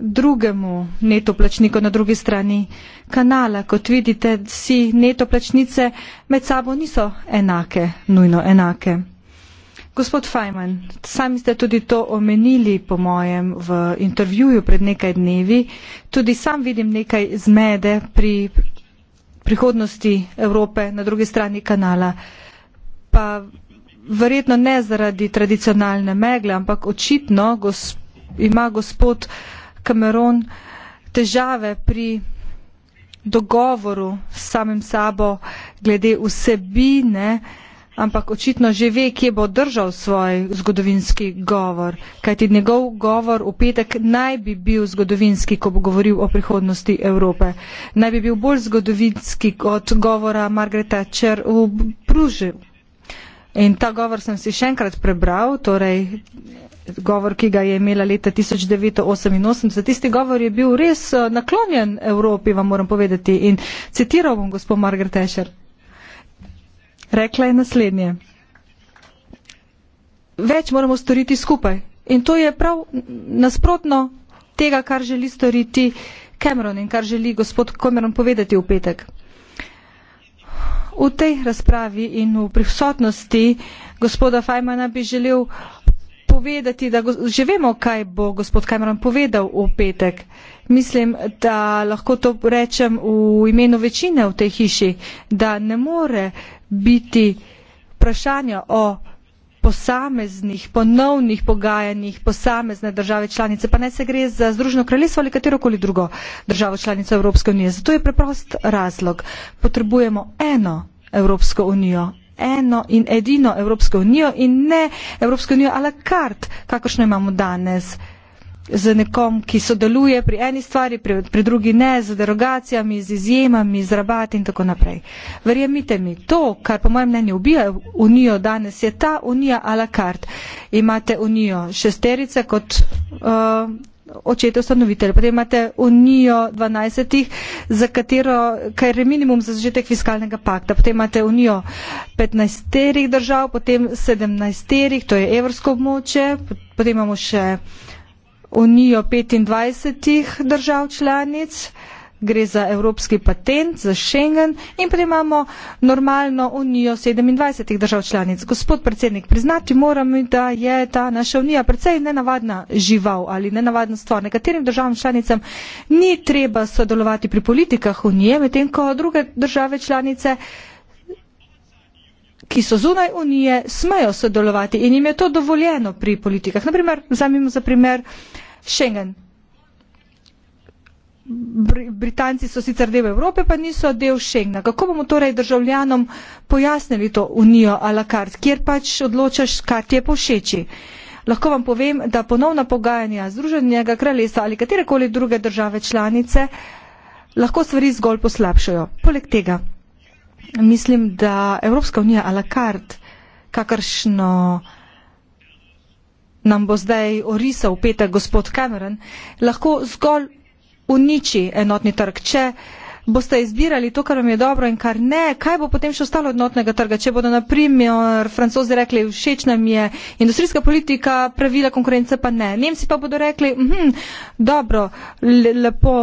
drugemu netoplačniku na drugi strani kanala. Kot vidite, si netoplačnice med sabo niso enake, nujno enake. Gospod Fajman, sami ste tudi to omenili po mojem v intervjuju pred nekaj dnevi. Tudi sam vidim nekaj zmede pri prihodnosti Evrope na drugi strani kanala. Pa verjetno ne zaradi tradicionalne megle, ampak očitno gos ima gospod uh, Cameron težave pri dogovoru s samim sabo glede vsebine, ampak očitno že ve, kje bo držal svoj zgodovinski govor. Kajti njegov govor v petek naj bi bil zgodovinski, ko bo govoril o prihodnosti Evrope. Naj bi bil bolj zgodovinski od govora Margareta Čer v Pružju. In ta govor sem si še enkrat prebral, torej govor, ki ga je imela leta 1988. Tisti govor je bil res eh, naklonjen Evropi, vam moram povedati. In citiral bom gospod Margaret Thatcher. Rekla je naslednje. Več moramo storiti skupaj. In to je prav nasprotno tega, kar želi storiti Cameron in kar želi gospod Cameron povedati v petek v tej razpravi in v prisotnosti gospoda Fajmana bi želel povedati, da že vemo, kaj bo gospod Cameron povedal v petek. Mislim, da lahko to rečem v imenu večine v tej hiši, da ne more biti vprašanja o posameznih ponovnih pogajanjih posamezne države članice, pa naj se gre za Združeno kraljestvo ali katero koli drugo državo članico Evropske unije. Zato je preprost razlog. Potrebujemo eno Evropsko unijo, eno in edino Evropsko unijo in ne Evropsko unijo a la carte, kakršno imamo danes z nekom, ki sodeluje pri eni stvari, pri, pri drugi ne, z derogacijami, z izjemami, z rabati in tako naprej. Verjemite mi, to, kar po mojem mnenju ubija unijo danes, je ta unija a la carte. Imate unijo šesterice kot uh, očete ustanovitelje, potem imate unijo dvanajstih, za katero, kar je minimum za zažitek fiskalnega pakta, potem imate unijo petnajsterih držav, potem sedemnajsterih, to je evrsko območje, potem imamo še unijo 25 držav članic, gre za evropski patent, za Schengen in potem imamo normalno unijo 27 držav članic. Gospod predsednik, priznati moram, da je ta naša unija precej nenavadna žival ali nenavadna stvar. Nekaterim državam članicam ni treba sodelovati pri politikah unije, medtem ko druge države članice ki so zunaj unije, smejo sodelovati in jim je to dovoljeno pri politikah. Naprimer, vzamimo za primer Schengen. Britanci so sicer del Evrope, pa niso del Schengna. Kako bomo torej državljanom pojasnili to unijo a la carte, kjer pač odločaš, kar ti je pošeči? Lahko vam povem, da ponovna pogajanja Združenega kraljestva ali katerekoli druge države članice lahko stvari zgolj poslabšajo. Poleg tega, mislim, da Evropska unija a la carte, kakršno nam bo zdaj orisal petek gospod Cameron, lahko zgolj uniči enotni trg, če uh, boste izbirali to, kar vam je dobro in kar ne, kaj bo potem še ostalo od notnega trga, če bodo na primer francozi rekli, všeč nam je industrijska politika, pravila konkurence pa ne. Nemci pa bodo rekli, mhm, dobro, le, lepo,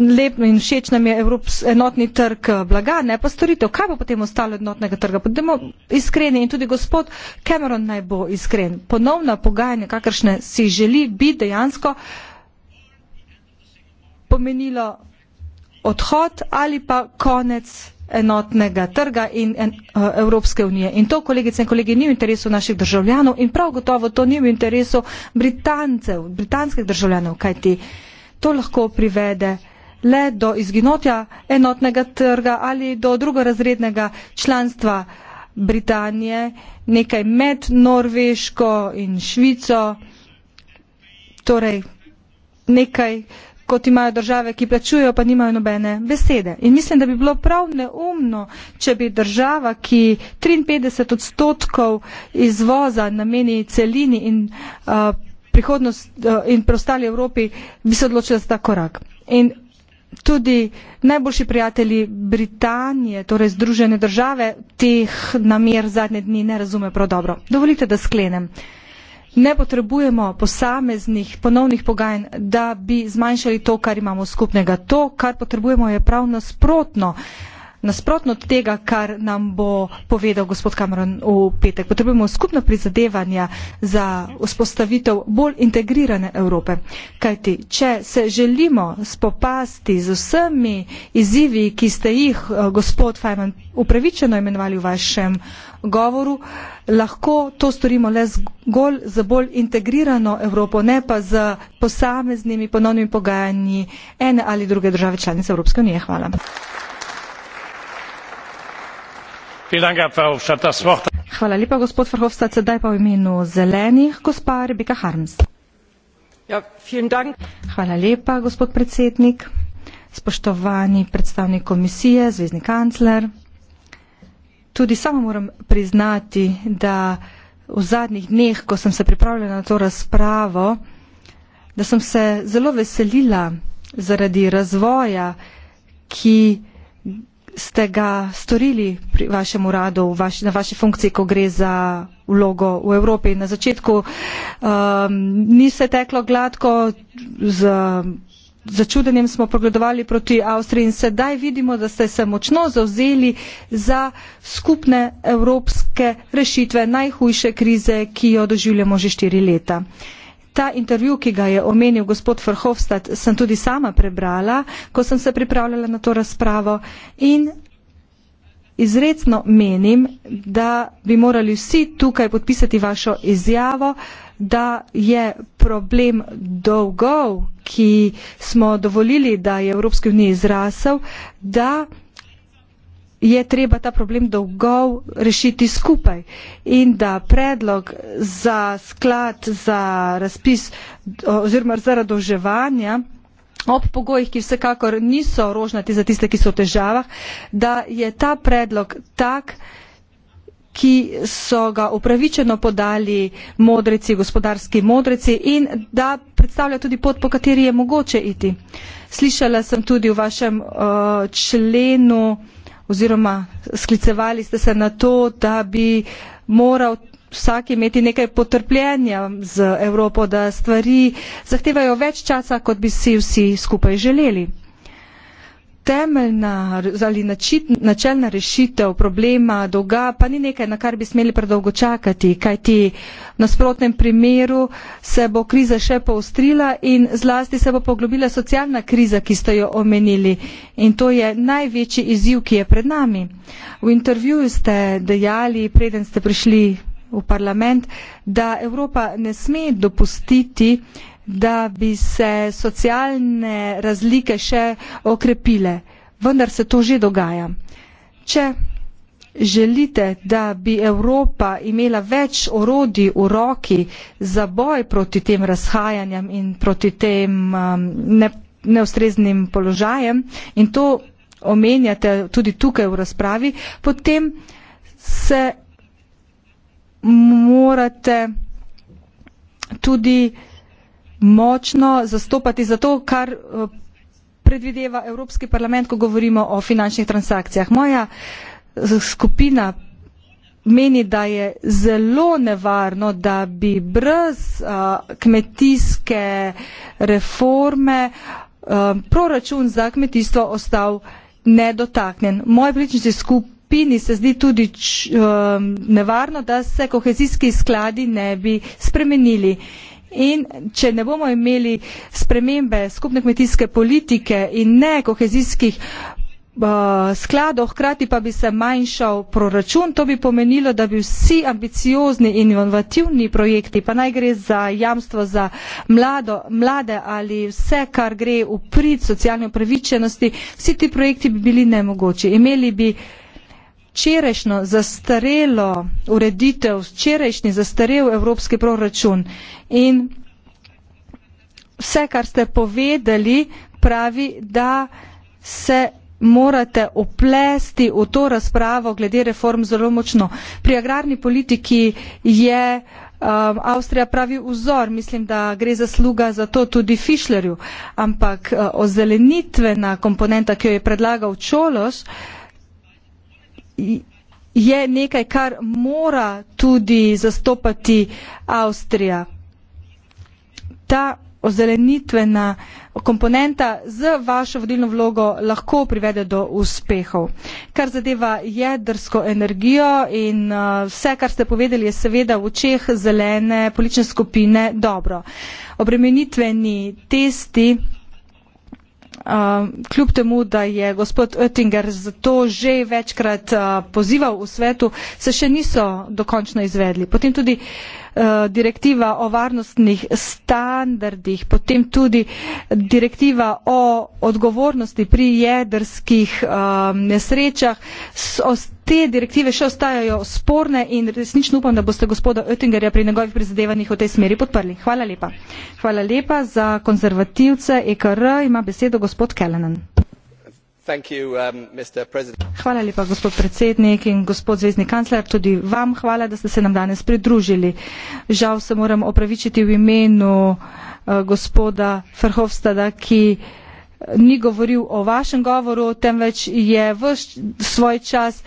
lep in všeč nam je Evrops, enotni trg blaga, ne pa storitev. Kaj bo potem ostalo od notnega trga? Podemo iskreni in tudi gospod Cameron naj bo iskren. Ponovna pogajanja, kakršne si želi biti dejansko, pomenilo odhod ali pa konec enotnega trga in en, uh, Evropske unije. In to, kolegice in kolegi, ni v interesu naših državljanov in prav gotovo to ni v interesu Britancev, britanskih državljanov, kajti to lahko privede le do izginotja enotnega trga ali do drugorazrednega članstva Britanije, nekaj med Norveško in Švico, torej nekaj, kot imajo države, ki plačujejo, pa nimajo nobene besede. In mislim, da bi bilo prav neumno, če bi država, ki 53 odstotkov izvoza nameni celini in uh, prihodnost uh, in preostali Evropi, bi se odločila za ta korak. In tudi najboljši prijatelji Britanije, torej Združene države, teh namer zadnje dni ne razume prav dobro. Dovolite, da sklenem. Uh, ne potrebujemo posameznih ponovnih pogajanj, da bi zmanjšali to, kar imamo skupnega. To, kar potrebujemo, je prav nasprotno nasprotno od tega, kar nam bo povedal gospod Cameron v petek. Potrebujemo skupna prizadevanja za vzpostavitev bolj integrirane Evrope. Kajti, če se želimo spopasti z vsemi izzivi, ki ste jih eh, gospod Feynman upravičeno imenovali v vašem govoru, lahko to storimo le zgolj za bolj integrirano Evropo, ne pa z posameznimi ponovnimi pogajanji ene ali druge države članice Evropske unije. Hvala.
Hvala
lepa, gospod Verhofstadt. Sedaj pa v imenu zelenih, gospa Rebeka Harms. Ja, Hvala lepa, gospod predsednik. Spoštovani predstavnik komisije, zvezdni kancler. Tudi sama moram priznati, da v zadnjih dneh, ko sem se pripravljala na to razpravo, da sem se zelo veselila zaradi razvoja, ki ste ga storili pri vašem uradu, vaš, na vaši funkciji, ko gre za vlogo v Evropi. Na začetku um, ni se teklo gladko, z začudenjem smo pogledovali proti Avstriji in sedaj vidimo, da ste se močno zauzeli za skupne evropske rešitve najhujše krize, ki jo doživljamo že štiri leta. Uh, Ta intervju, ki ga je omenil gospod Verhofstadt, sem tudi sama prebrala, ko sem se pripravljala na to razpravo in izredno menim, da bi morali vsi tukaj podpisati vašo izjavo, da je problem dolgov, ki smo dovolili, da je Evropski unij izrasel, da je treba ta problem dolgov rešiti skupaj in da predlog za sklad za razpis oziroma za radoževanja ob pogojih, ki vsekakor niso rožnati za tiste, ki so v težavah, da je ta predlog tak, ki so ga upravičeno podali modreci, gospodarski modreci in da predstavlja tudi pot, po kateri je mogoče iti. Slišala sem tudi v vašem uh, členu, oziroma sklicevali ste se na to, da bi moral vsak imeti nekaj potrpljenja z Evropo, da stvari zahtevajo več časa, kot bi si vsi skupaj želeli temeljna ali načelna rešitev problema dolga pa ni nekaj, na kar bi smeli predolgo čakati, kajti v nasprotnem primeru se bo kriza še poostrila in zlasti se bo poglobila socialna kriza, ki ste jo omenili. In to je največji izziv, ki je pred nami. V intervjuju ste dejali, preden ste prišli v parlament, da Evropa ne sme dopustiti da bi se socialne razlike še okrepile. Vendar se to že dogaja. Če želite, da bi Evropa imela več orodij v roki za boj proti tem razhajanjem in proti tem um, ne, neustreznim položajem in to omenjate tudi tukaj v razpravi, potem se morate tudi močno zastopati za to, kar eh, predvideva Evropski parlament, ko govorimo o finančnih transakcijah. Moja eh, skupina meni, da je zelo nevarno, da bi brez eh, kmetijske reforme proračun za kmetijstvo ostal nedotaknjen. Moje pričnice skupini se zdi tudi nevarno, da se kohezijski skladi ne bi spremenili. In če ne bomo imeli spremembe skupne kmetijske politike in ne kohezijskih uh, sklado, hkrati pa bi se manjšal proračun, to bi pomenilo, da bi vsi ambiciozni in inovativni projekti, pa naj gre za jamstvo za mlado, mlade ali vse, kar gre v prid socialne upravičenosti, vsi ti projekti bi bili nemogoči. Imeli bi uh, včerajšnjo zastarelo ureditev, včerajšnji zastarel evropski proračun in vse, kar ste povedali, pravi, da se morate oplesti v to razpravo glede reform zelo močno. Pri agrarni politiki je um, Avstrija pravi vzor, mislim, da gre zasluga za to tudi Fischlerju, ampak uh, ozelenitvena komponenta, ki jo je predlagal Čolos, uh, je nekaj, kar mora tudi zastopati Avstrija. Ta ozelenitvena komponenta z vašo vodilno vlogo lahko privede do uspehov. Kar zadeva jedrsko energijo in uh, vse, kar ste povedali, je seveda v očeh zelene politične skupine dobro. Obremenitveni testi Um, kljub temu da je gospod oettinger za to že večkrat uh, pozival v svetu se še niso dokončno izvedli potem tudi uh, Eh, direktiva o varnostnih standardih, potem tudi direktiva o odgovornosti pri jedrskih eh, nesrečah. Te direktive še ostajajo sporne in resnično upam, da boste gospoda Oettingerja pri njegovih prizadevanjih v tej smeri podprli. Hvala lepa. Hvala lepa. Za konzervativce EKR ima besedo gospod Kellenen. Um, hvala lepa gospod predsednik in gospod zvezni kancler tudi vam hvala da ste se nam danes pridružili žal se moram opravičiti v imenu uh, gospoda verhofstadta ki uh, ni govoril o vašem govoru temveč je ves svoj čas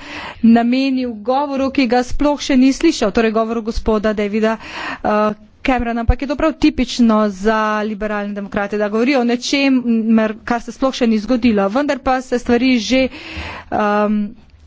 namenil govoru ki ga sploh še ni slišal torej govoru gospoda davida cameruna uh, Cameron, ampak je to prav tipično za liberalne demokrate, da govorijo o nečem, kar se sploh še ni zgodilo. Vendar pa se stvari že. Um,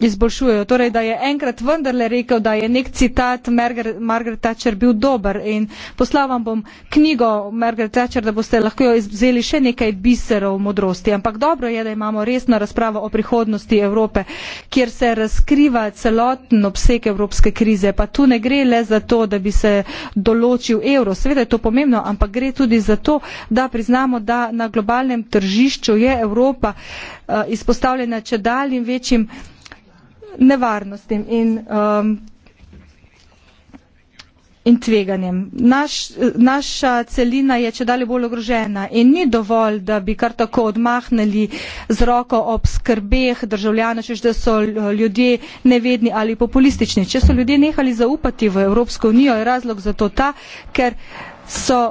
izboljšujejo. Torej, da je enkrat vendarle rekel, da je nek citat Margaret, Margaret Thatcher bil dober in poslal vam bom knjigo Margaret Thatcher, da boste lahko jo izvzeli še nekaj biserov modrosti. Ampak dobro je, da imamo resno razpravo o prihodnosti Evrope, kjer se razkriva celoten obseg evropske krize. Pa tu ne gre le za to, da bi se določil evro. Seveda je to pomembno, ampak gre tudi za to, da priznamo, da na globalnem tržišču je Evropa uh, izpostavljena če daljim večjim nevarnostim in, um, in tveganjem. Naš, naša celina je če dalje bolj ogrožena in ni dovolj, da bi kar tako odmahnili z roko ob skrbeh državljana, če da so ljudje nevedni ali populistični. Če so ljudje nehali zaupati v Evropsko unijo, je razlog za to ta, ker so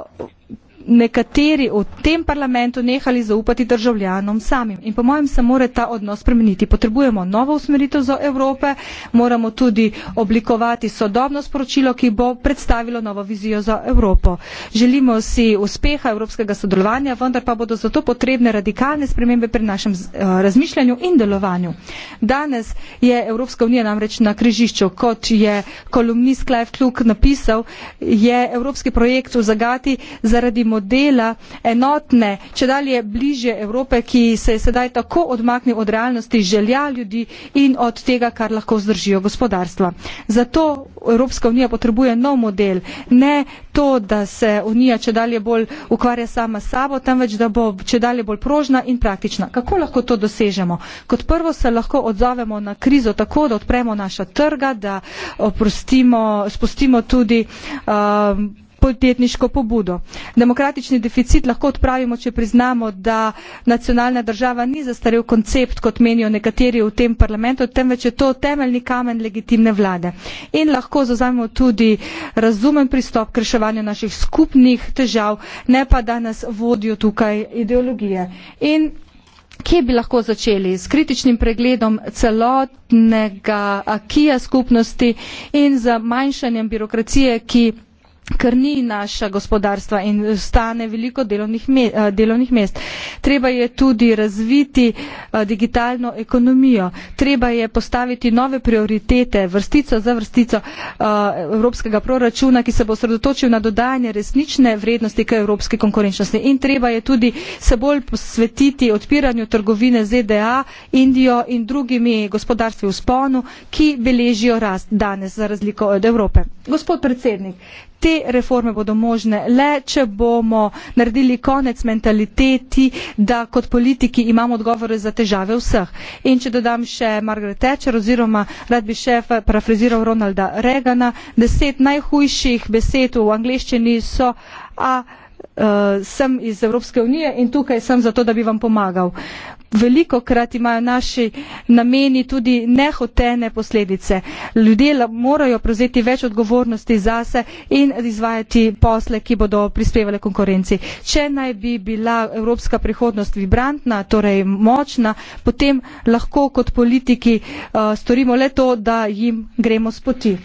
nekateri v tem parlamentu nehali zaupati državljanom samim. In po mojem se mora ta odnos spremeniti. Potrebujemo novo usmeritev za Evrope, moramo tudi oblikovati sodobno sporočilo, ki bo predstavilo novo vizijo za Evropo. Želimo si uspeha evropskega sodelovanja, vendar pa bodo zato potrebne radikalne spremembe pri našem eh, razmišljanju in delovanju. Danes je Evropska unija namreč na križišču, kot je kolumnist Clive Kluk napisal, je evropski projekt v zagati zaradi modela enotne, če dalje bližje Evrope, ki se je sedaj tako odmaknil od realnosti želja ljudi in od tega, kar lahko vzdržijo gospodarstva. Zato Evropska unija potrebuje nov model, ne to, da se unija če dalje bolj ukvarja sama s sabo, temveč da bo če dalje bolj prožna in praktična. Kako lahko to dosežemo? Kot prvo se lahko odzovemo na krizo tako, da odpremo naša trga, da oprostimo, spustimo tudi uh, podjetniško pobudo. Demokratični deficit lahko odpravimo, če priznamo, da nacionalna država ni zastarel koncept, kot menijo nekateri v tem parlamentu, temveč je to temeljni kamen legitimne vlade. In lahko zauzamemo tudi razumen pristop k reševanju naših skupnih težav, ne pa da nas vodijo tukaj ideologije. In Kje bi lahko začeli? S kritičnim pregledom celotnega akija skupnosti in z manjšanjem birokracije, ki krni naša gospodarstva in stane veliko delovnih, me, eh, delovnih mest. Treba je tudi razviti eh, digitalno ekonomijo, treba je postaviti nove prioritete, vrstico za vrstico eh, evropskega proračuna, ki se bo osredotočil na dodajanje resnične vrednosti k evropski konkurenčnosti. In treba je tudi se bolj posvetiti odpiranju trgovine ZDA, Indijo in drugimi gospodarstvi v sponu, ki beležijo rast danes za razliko od Evrope. Gospod predsednik, te te reforme bodo možne le, če bomo naredili konec mentaliteti, da kot politiki imamo odgovore za težave vseh. In če dodam še Margaret Thatcher oziroma rad bi še parafraziral Ronalda Reagana, deset najhujših besed v angleščini so. A, uh, sem iz Evropske unije in tukaj sem zato, da bi vam pomagal. Veliko krat imajo naši nameni tudi nehotene posledice. Ljudje morajo prevzeti več odgovornosti zase in izvajati posle, ki bodo prispevali konkurenci. Če naj bi bila evropska prihodnost vibrantna, torej močna, potem lahko kot politiki uh, storimo le to, da jim gremo s poti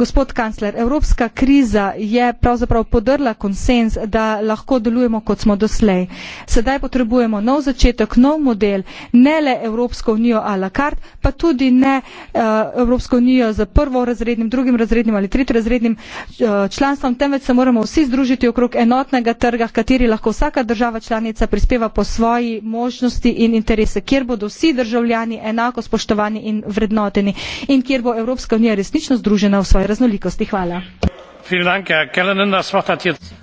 gospod kancler evropska kriza je pravzaprav podrla konsenz da lahko delujemo kot smo doslej. sedaj potrebujemo nov začetek nov model ne le evropsko unijo a la carte pa tudi ne eh, evropsko unijo s prvorazrednim drugorazrednim ali tretjerazrednim eh, članstvom temveč se moramo vsi združiti okrog enotnega trga h kateri lahko vsaka država članica prispeva po svoji možnosti in interese kjer bodo vsi državljani enako spoštovani in vrednoteni in kjer bo evropska unija resnično združena v svoje raznolikosti. Hvala.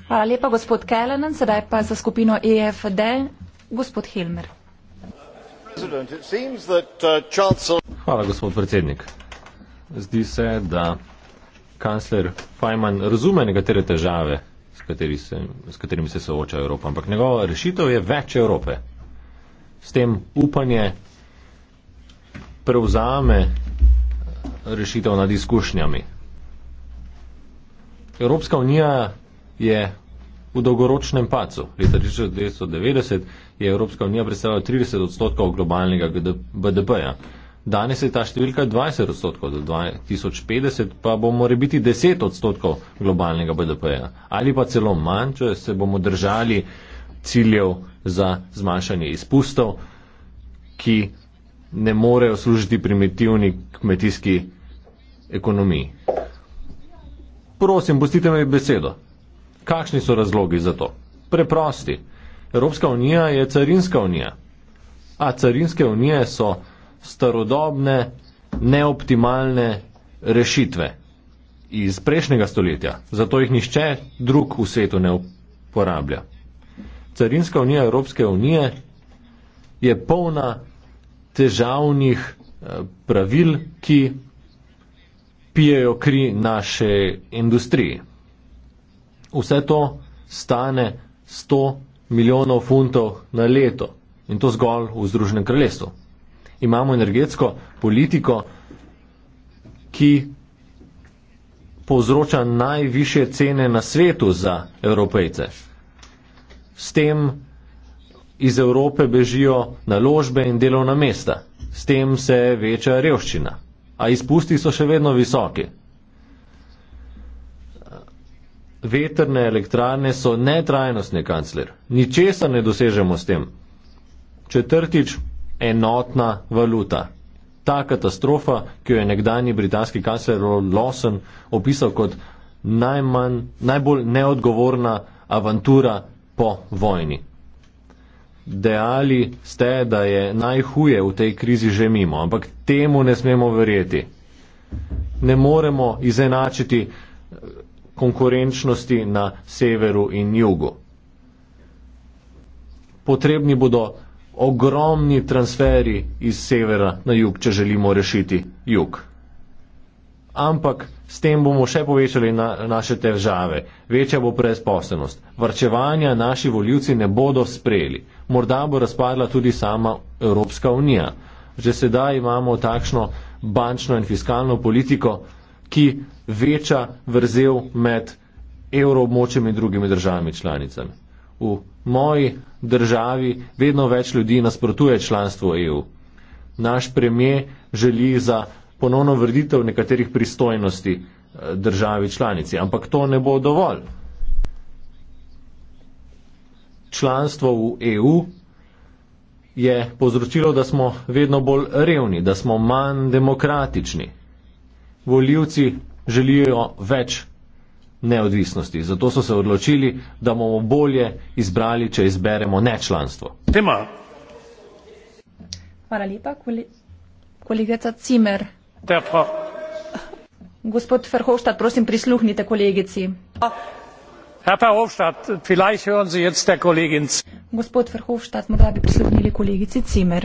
Hvala lepa, gospod Kellenen. Sedaj pa za skupino EFD, gospod Helmer.
Hvala, gospod predsednik. Zdi se, da kancler Feynman razume nekatere težave, s, kateri se, s katerimi se sooča Evropa, ampak njegova rešitev je več Evrope. S tem upanje prevzame rešitev nad izkušnjami, Evropska unija je v dolgoročnem pacu. Leta 1990 je Evropska unija predstavljala 30 odstotkov globalnega BDP-ja. Danes je ta številka 20 odstotkov, do 2050 pa bo more biti 10 odstotkov globalnega BDP-ja. Ali pa celo manj, če se bomo držali ciljev za zmanjšanje izpustov, ki ne morejo služiti primitivni kmetijski ekonomiji. Uh, prosim, pustite mi besedo. Kakšni so razlogi za to? Preprosti. Evropska unija je carinska unija. A carinske unije so starodobne, neoptimalne rešitve iz prejšnjega stoletja. Zato jih nišče drug v svetu ne uporablja. Carinska unija Evropske unije je polna težavnih eh, pravil, ki pijejo kri naše industriji. Vse to stane 100 milijonov funtov na leto in to zgolj v Združenem kraljestvu. Imamo energetsko politiko, ki povzroča najviše cene na svetu za evropejce. S tem iz Evrope bežijo naložbe in delovna mesta. S tem se veča revščina a izpusti so še vedno visoki. Veterne elektrane so netrajnostni kancler. Ničesar ne dosežemo s tem. Četrtič, enotna valuta. Ta katastrofa, ki jo je nekdani britanski kancler Lawson opisal kot najmanj, najbolj neodgovorna avantura po vojni dejali ste, da je najhuje v tej krizi že mimo, ampak temu ne smemo verjeti. Ne moremo izenačiti eh, konkurenčnosti na severu in jugu. Potrebni bodo ogromni transferi iz severa na jug, če želimo rešiti jug. Ampak S tem bomo še povečali na, naše težave, večja bo brezposobnost. Vrčevanja naši voljivci ne bodo sprejeli. Morda bo razpadla tudi sama Evropska unija. Že sedaj imamo takšno bančno in fiskalno politiko, ki veča vrzel med evroobmočjem in drugimi državami članicami. V moji državi vedno več ljudi nasprotuje članstvu EU. Naš premije želi za ponovno vrditev nekaterih pristojnosti eh, državi članici. Ampak to ne bo dovolj. Članstvo v EU je povzročilo, da smo vedno bolj revni, da smo manj demokratični. Voljivci želijo več neodvisnosti. Zato so se odločili, da bomo bolje izbrali, če izberemo nečlanstvo. Tema.
Hvala lepa, kolegica Cimer gospod verhofstadt prosim prisluhnite kolegici.
herr verhofstadt vielleicht hören sie jetzt der kollegin
zimmer.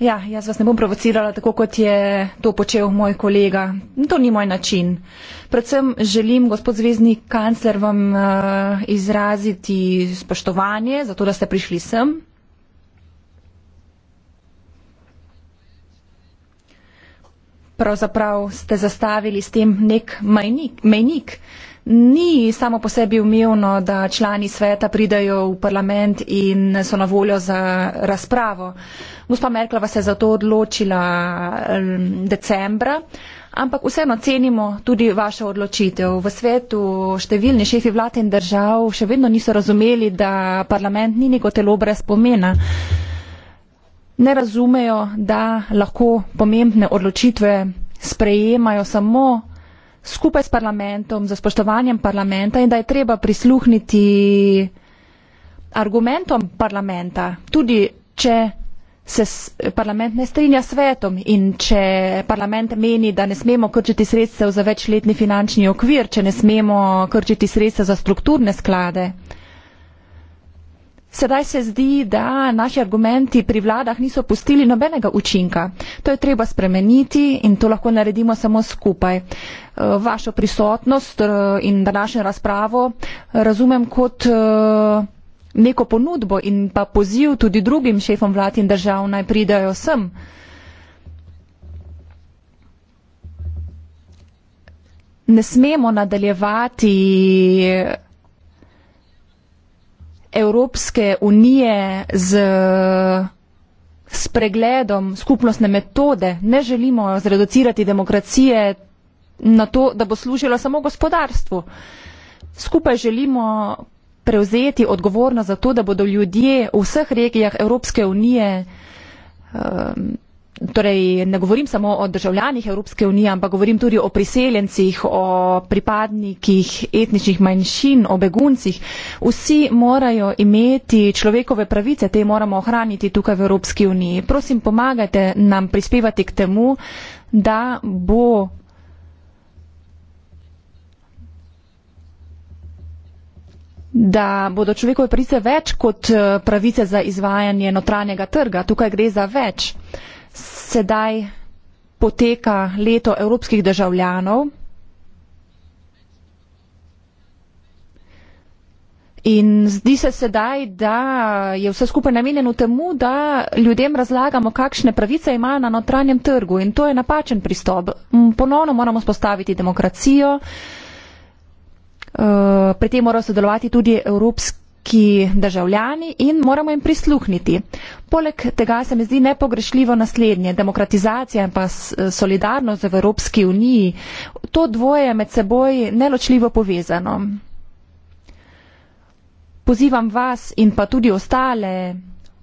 ja jaz vas ne bom provocirala tako kot je to počel moj kolega to ni moj način. predvsem želim gospod zvezdni kancler vam eh, izraziti spoštovanje za to da ste prišli sem. pravzaprav ste zastavili s tem nek majnik, mejnik. Ni samo po sebi umevno, da člani sveta pridajo v parlament in so na voljo za razpravo. Gospa Merklova se je zato odločila decembra, ampak vseeno cenimo tudi vašo odločitev. V svetu številni šefi vlade in držav še vedno niso razumeli, da parlament ni neko telo brez pomena ne razumejo, da lahko pomembne odločitve sprejemajo samo skupaj s parlamentom, za spoštovanjem parlamenta in da je treba prisluhniti argumentom parlamenta, tudi če se parlament ne strinja s svetom in če parlament meni, da ne smemo krčiti sredstev za večletni finančni okvir, če ne smemo krčiti sredstev za strukturne sklade. Sedaj se zdi, da naši argumenti pri vladah niso pustili nobenega učinka. To je treba spremeniti in to lahko naredimo samo skupaj. Eh, vašo prisotnost eh, in današnjo razpravo eh, razumem kot neko ponudbo in pa poziv tudi drugim šefom vlad in držav naj pridajo sem. Ne smemo nadaljevati Evropske unije z spregledom skupnostne metode, ne želimo zreducirati demokracije na to, da bo služila samo gospodarstvu. Skupaj želimo prevzeti odgovorno za to, da bodo ljudje v vseh regijah Evropske unije um, Torej, ne govorim samo o državljanih Evropske unije, ampak govorim tudi o priseljencih, o pripadnikih etničnih manjšin, o beguncih. Vsi morajo imeti človekove pravice, te moramo ohraniti tukaj v Evropski uniji. Prosim, pomagajte nam prispevati k temu, da bo. da bodo človekove pravice več kot eh, pravice za izvajanje notranjega trga. Tukaj gre za več sedaj poteka leto evropskih državljanov in zdi se sedaj, da je vse skupaj namenjeno temu, da ljudem razlagamo, kakšne pravice imajo na notranjem trgu in to je napačen pristop. Ponovno moramo spostaviti demokracijo, eh, pri tem morajo sodelovati tudi evropski ki državljani in moramo jim prisluhniti. Poleg tega se mi zdi nepogrešljivo naslednje, demokratizacija in pa solidarnost v Evropski uniji, to dvoje med seboj neločljivo povezano. Pozivam vas in pa tudi ostale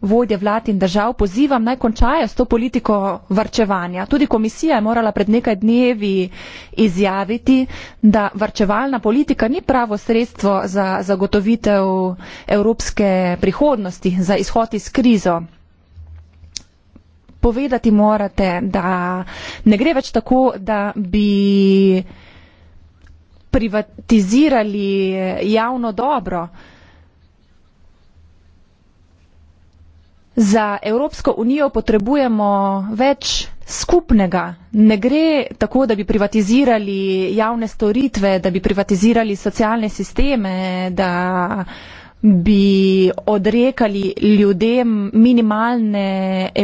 vodje vlad in držav pozivam naj končajo s to politiko varčevanja. Tudi komisija je morala pred nekaj dnevi izjaviti, da varčevalna politika ni pravo sredstvo za zagotovitev evropske prihodnosti, za izhod iz krizo. Povedati morate, da ne gre več tako, da bi privatizirali javno dobro, za Evropsko unijo potrebujemo več skupnega. Ne gre tako, da bi privatizirali javne storitve, da bi privatizirali socialne sisteme, da bi odrekali ljudem minimalne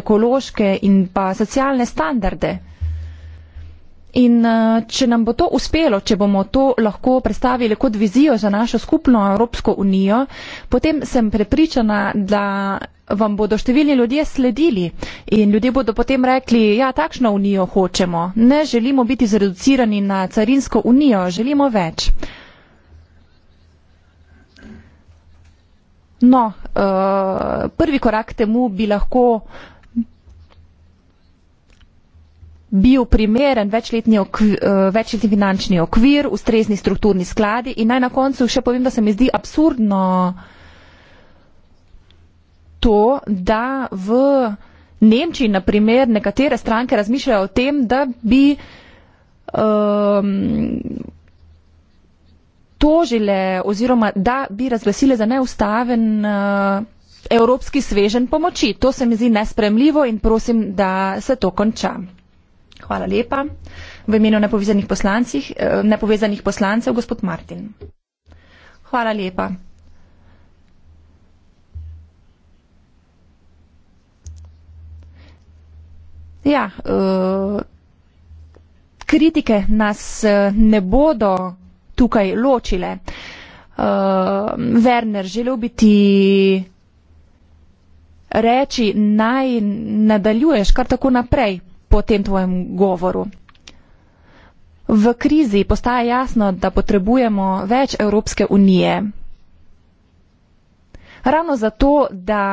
ekološke in pa socialne standarde. In eh, če nam bo to uspelo, če bomo to lahko predstavili kot vizijo za našo skupno Evropsko unijo, potem sem prepričana, da vam bodo številni ljudje sledili in ljudje bodo potem rekli, ja, takšno unijo hočemo, ne želimo biti zreducirani na carinsko unijo, želimo več. No, eh, prvi korak temu bi lahko bil primeren večletni, okvir, eh, večletni finančni okvir, ustrezni strukturni skladi in naj na koncu še povem, da se mi zdi absurdno to, da v Nemčiji, na primer, nekatere stranke razmišljajo o tem, da bi um, tožile oziroma da bi razglasile za neustaven uh, evropski svežen pomoči. To se mi zdi nespremljivo in prosim, da se to konča. Hvala lepa. V imenu nepovezanih, eh, nepovezanih poslancev, gospod Martin. Hvala lepa. Ja, eh, kritike nas eh, ne bodo tukaj ločile. Werner, želel bi ti reči, naj nadaljuješ kar tako naprej po tem tvojem govoru. V krizi postaja jasno, da potrebujemo več Evropske unije. Ravno zato, da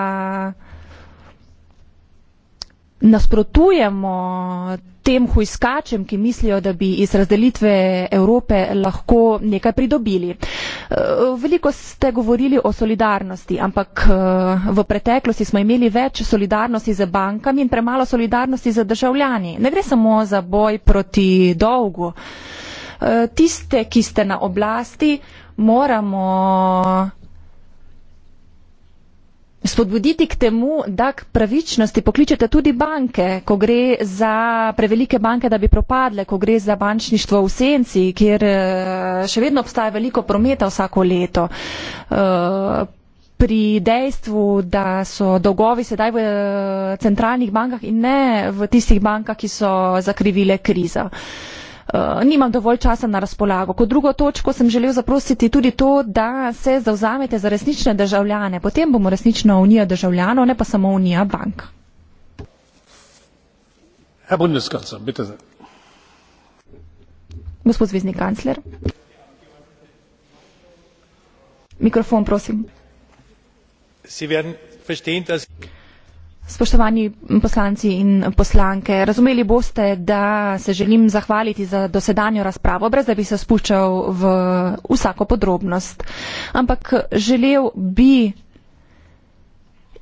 nasprotujemo tem huiskačem, ki mislijo, da bi iz razdelitve Evrope lahko nekaj pridobili. Eh, veliko ste govorili o solidarnosti, ampak eh, v preteklosti smo imeli več solidarnosti z bankami in premalo solidarnosti z državljani. Ne gre samo za boj proti dolgu. Eh, tiste, ki ste na oblasti, moramo spodbuditi k temu, da k pravičnosti pokličete tudi banke, ko gre za prevelike banke, da bi propadle, ko gre za bančništvo v senci, kjer eh, še vedno obstaja veliko prometa vsako leto. Eh, pri dejstvu, da so dolgovi sedaj v eh, centralnih bankah in ne v tistih bankah, ki so zakrivile krizo. Eh, nimam dovolj časa na razpolago. Kot drugo točko sem želel zaprositi tudi to, da se zauzamete za resnične državljane. Potem bomo resnično unija državljanov, ne pa samo unija bank.
Herr Bundeskanzler, bitte sehr.
Gospod zvezdni kancler. Mikrofon, prosim.
Sie werden verstehen, dass
Spoštovani poslanci in poslanke, razumeli boste, da se želim zahvaliti za dosedanjo razpravo, brez da bi se spuščal v vsako podrobnost. Ampak želel bi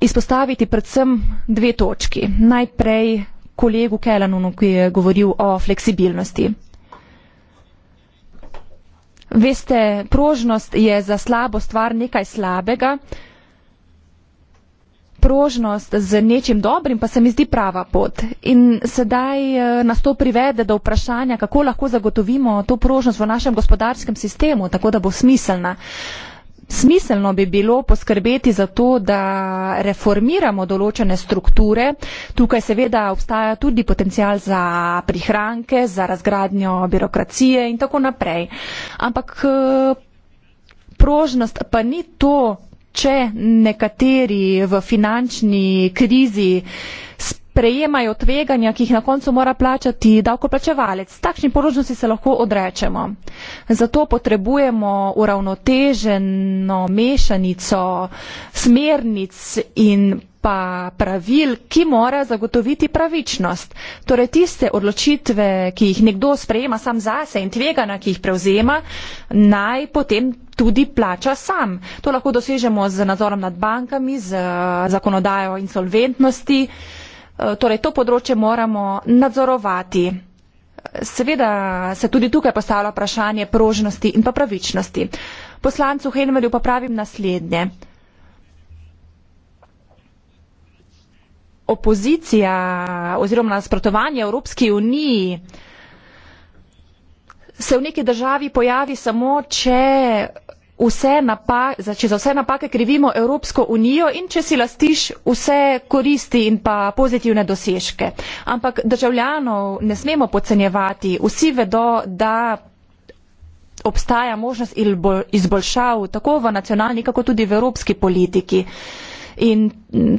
izpostaviti predvsem dve točki. Najprej kolegu Kelanunu, ki je govoril o fleksibilnosti. Veste, prožnost je za slabo stvar nekaj slabega, priložnost z nečim dobrim, pa se mi zdi prava pot. In sedaj eh, nas to privede do vprašanja, kako lahko zagotovimo to priložnost v našem gospodarskem sistemu, tako da bo smiselna. Smiselno bi bilo poskrbeti za to, da reformiramo določene strukture. Tukaj seveda obstaja tudi potencial za prihranke, za razgradnjo birokracije in tako naprej. Ampak eh, prožnost pa ni to, če nekateri v finančni krizi prejemajo tveganja, ki jih na koncu mora plačati davkoplačevalec. Takšni poročnosti se lahko odrečemo. Zato potrebujemo uravnoteženo mešanico smernic in pa pravil, ki mora zagotoviti pravičnost. Torej tiste odločitve, ki jih nekdo sprejema sam zase in tvegana, ki jih prevzema, naj potem tudi plača sam. To lahko dosežemo z nadzorom nad bankami, z eh, zakonodajo insolventnosti. Eh, torej to področje moramo nadzorovati. Seveda se tudi tukaj postavlja vprašanje prožnosti in pa pravičnosti. Poslancu Henvelju pa pravim naslednje. opozicija oziroma nasprotovanje Evropski uniji se v neki državi pojavi samo, če, vse napake, če za vse napake krivimo Evropsko unijo in če si lastiš vse koristi in pa pozitivne dosežke. Ampak državljanov ne smemo podcenjevati. Vsi vedo, da obstaja možnost izboljšav tako v nacionalni, kako tudi v evropski politiki. In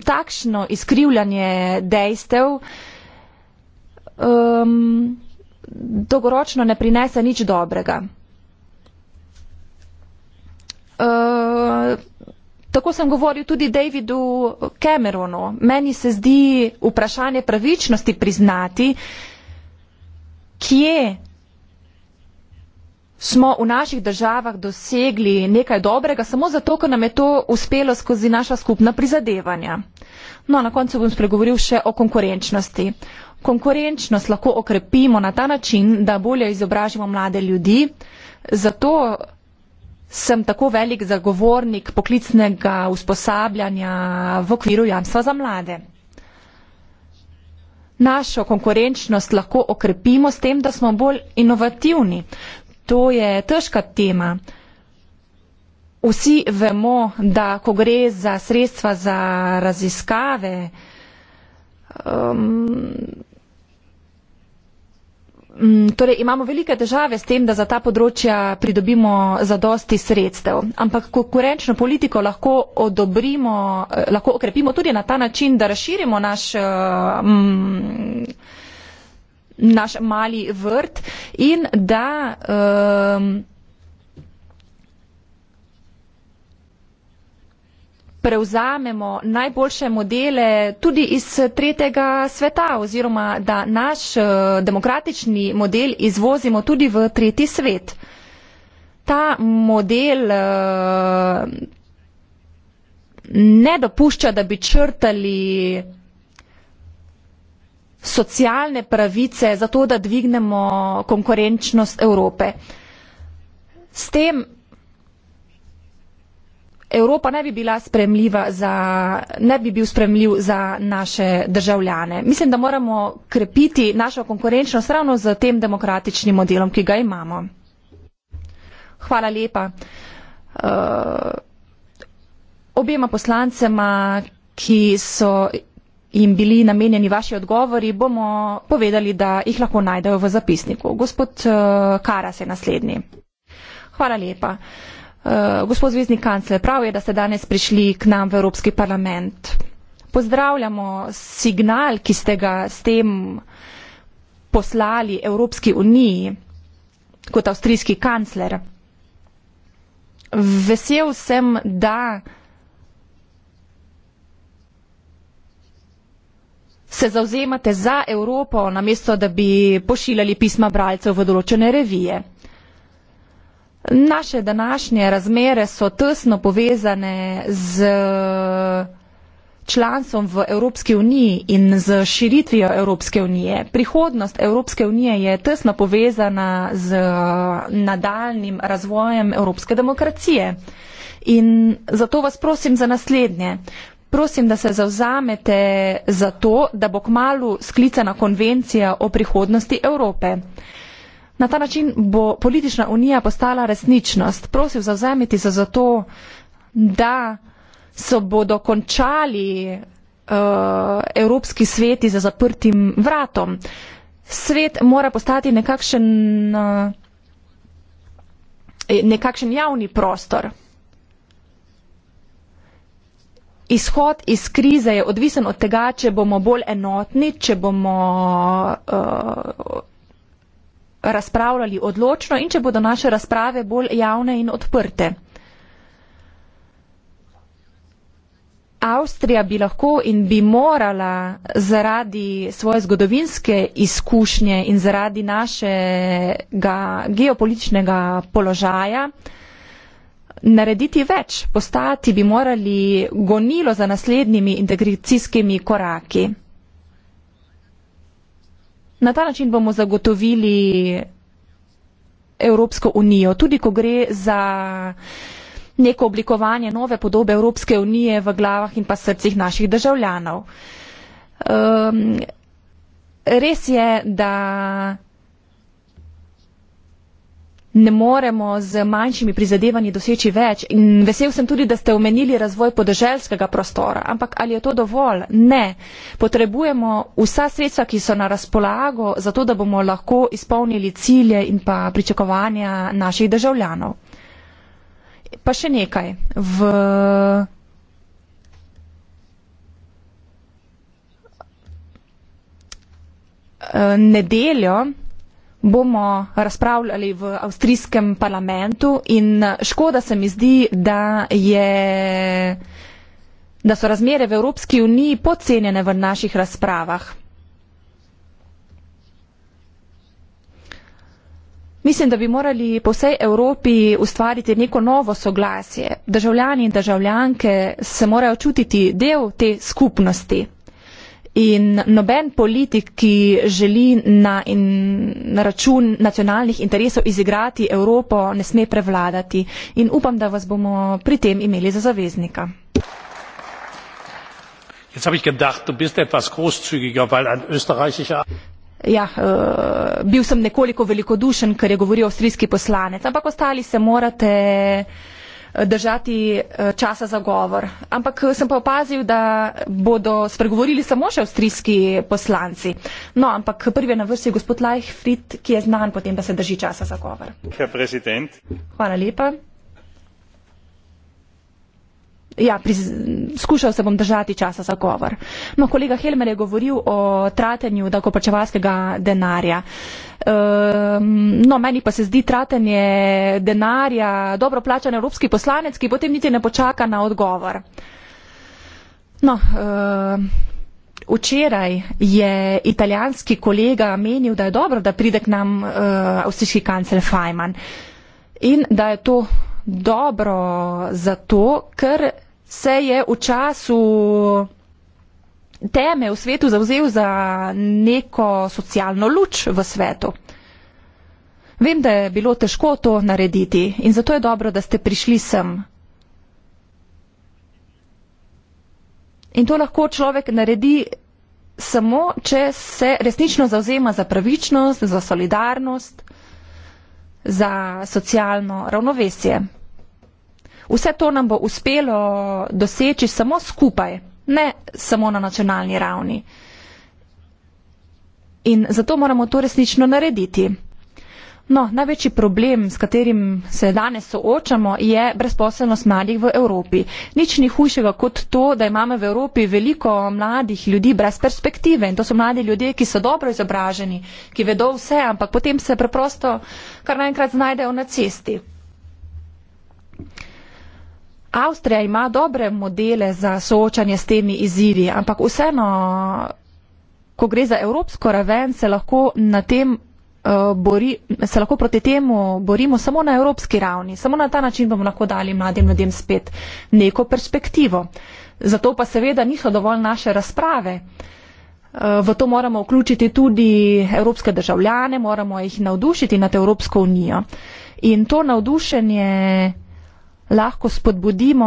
takšno izkrivljanje dejstev um, dolgoročno ne prinese nič dobrega. Uh, tako sem govoril tudi Davidu Cameronu. Meni se zdi vprašanje pravičnosti priznati, kje smo v naših državah dosegli nekaj dobrega samo zato, ker nam je to uspelo skozi naša skupna prizadevanja. No, na koncu bom spregovoril še o konkurenčnosti. Konkurenčnost lahko okrepimo na ta način, da bolje izobražimo mlade ljudi, zato sem tako velik zagovornik poklicnega usposabljanja v okviru jamstva za mlade. Našo konkurenčnost lahko okrepimo s tem, da smo bolj inovativni to je težka tema. Vsi vemo, da ko gre za sredstva za raziskave, um, mm, torej imamo velike težave s tem, da za ta področja pridobimo zadosti sredstev. Ampak konkurenčno politiko lahko odobrimo, eh, lahko okrepimo tudi na ta način, da razširimo naš. Um, naš mali vrt in da um, prevzamemo najboljše modele tudi iz tretjega sveta oziroma da naš eh, demokratični model izvozimo tudi v tretji svet. Ta model uh, ne dopušča, da bi črtali socialne pravice, zato da dvignemo konkurenčnost Evrope. S tem Evropa ne bi bila spremljiva za, ne bi bil spremljiv za naše državljane. Mislim, da moramo krepiti našo konkurenčnost ravno z tem demokratičnim modelom, ki ga imamo. Hvala lepa uh, obema poslancema, ki so jim bili namenjeni vaši odgovori, bomo povedali, da jih lahko najdejo v zapisniku. Gospod eh, Karas je naslednji. Hvala lepa. Eh, gospod Zvezdni kancler, prav je, da ste danes prišli k nam v Evropski parlament. Pozdravljamo signal, ki ste ga s tem poslali Evropski uniji kot avstrijski kancler. Vesel sem, da se zauzemate za Evropo, namesto da bi pošiljali pisma bralcev v določene revije. Naše današnje razmere so tesno povezane z članstvom v Evropski uniji in z širitvijo Evropske unije. Prihodnost Evropske unije je tesno povezana z nadaljnim razvojem evropske demokracije. In zato vas prosim za naslednje prosim, da se zauzamete za to, da bo kmalo sklicana konvencija o prihodnosti Evrope. Na ta način bo politična unija postala resničnost. Prosim, zauzemite se za to, da se bodo končali uh, evropski sveti za zaprtim vratom. Svet mora postati nekakšen, uh, nekakšen javni prostor. Izhod iz krize je odvisen od tega, če bomo bolj enotni, če bomo uh, razpravljali odločno in če bodo naše razprave bolj javne in odprte. Avstrija bi lahko in bi morala zaradi svoje zgodovinske izkušnje in zaradi našega geopolitičnega položaja uh, narediti več, postati bi morali gonilo za naslednjimi integracijskimi koraki. Na ta način bomo zagotovili Evropsko unijo, tudi ko gre za neko oblikovanje nove podobe Evropske unije v glavah in pa srcih naših državljanov. Um, res je, da ne moremo z manjšimi prizadevanji doseči več. In vesel sem tudi, da ste omenili razvoj podeželskega prostora, ampak ali je to dovolj? Ne. Potrebujemo vsa sredstva, ki so na razpolago, zato da bomo lahko izpolnili cilje in pa pričakovanja naših državljanov. Pa še nekaj. V nedeljo bomo razpravljali v avstrijskem parlamentu in škoda se mi zdi, da, je, da so razmere v Evropski uniji podcenjene v naših razpravah. Mislim, da bi morali po vsej Evropi ustvariti neko novo soglasje. Državljani in državljanke se morajo čutiti del te skupnosti. In noben politik, ki želi na, in, na račun nacionalnih interesov izigrati Evropo, ne sme prevladati. In upam, da vas bomo pri tem imeli za zaveznika.
Jetzt habe ich gedacht, du bist etwas großzügiger, weil ein österreichischer.
Ja, uh, bil sem nekoliko velikodušen, ker je govoril avstrijski poslanec, ampak ostali se morate uh, držati eh, časa za govor. Ampak eh, sem pa opazil, da bodo spregovorili samo še avstrijski poslanci. No, ampak prvi je na vrsti gospod Lajhfrid, ki je znan potem, da se drži časa za govor. Hvala lepa. Ja, skušal se bom držati časa za govor. No, kolega Helmer je govoril o tratenju dakopačevalskega denarja. Um, no, meni pa se zdi tratenje denarja dobro plačan evropski poslanec, ki potem niti ne počaka na odgovor. No, um, Včeraj je italijanski kolega menil, da je dobro, da pride k nam uh, avstrijski kancel Feynman in da je to dobro zato, ker se je v času teme v svetu zauzel za neko socialno luč v svetu. Vem, da je bilo težko to narediti in zato je dobro, da ste prišli sem. In to lahko človek naredi samo, če se resnično zauzema za pravičnost, za solidarnost, za socialno ravnovesje. Vse to nam bo uspelo doseči samo skupaj, ne samo na nacionalni ravni. In zato moramo to resnično narediti. No, največji problem, s katerim se danes soočamo, je brezposelnost mladih v Evropi. Nič ni hujšega kot to, da imamo v Evropi veliko mladih ljudi brez perspektive. In to so mladi ljudje, ki so dobro izobraženi, ki vedo vse, ampak potem se preprosto kar naenkrat znajdejo na cesti. Avstrija ima dobre modele za soočanje s temi izzivi, ampak vseeno, ko gre za evropsko raven, se lahko, tem, uh, bori, se lahko proti temu borimo samo na evropski ravni. Samo na ta način bomo lahko dali mladim ljudem spet neko perspektivo. Zato pa seveda niso dovolj naše razprave. Eh, v to moramo vključiti tudi evropske državljane, moramo jih navdušiti nad Evropsko unijo. In to navdušenje lahko spodbudimo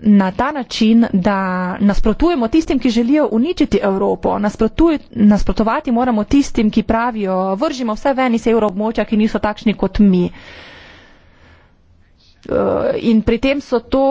na ta način, da nasprotujemo tistim, ki želijo uničiti Evropo. Nasprotuj, nasprotovati moramo tistim, ki pravijo, vržimo vse ven iz evroobmočja, ki niso takšni kot mi. Uh, in pri tem so to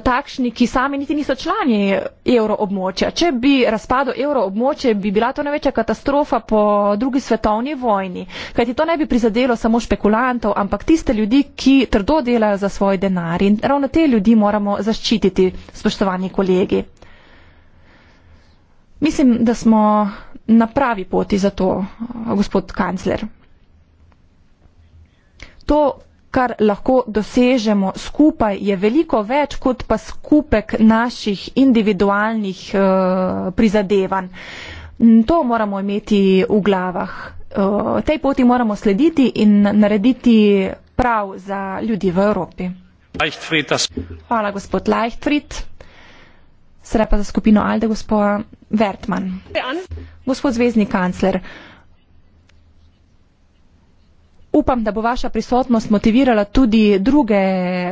takšni, ki sami niti niso člani evroobmočja. Če bi razpadlo evroobmočje, bi bila to največja katastrofa po drugi svetovni vojni. Kajti to ne bi prizadelo samo špekulantov, ampak tiste ljudi, ki trdo delajo za svoj denar. In ravno te ljudi moramo zaščititi, spoštovani kolegi. Mislim, da smo na pravi poti za to, gospod kancler. To, kar lahko dosežemo skupaj, je veliko več kot pa skupek naših individualnih eh, prizadevanj. Mm, to moramo imeti v glavah. Eh, tej poti moramo slediti in narediti prav za ljudi v Evropi. Hvala, gospod Leichtfried. Sreda pa za skupino Alde, gospod Wertmann. Gospod zvezdni kancler upam, da bo vaša prisotnost motivirala tudi druge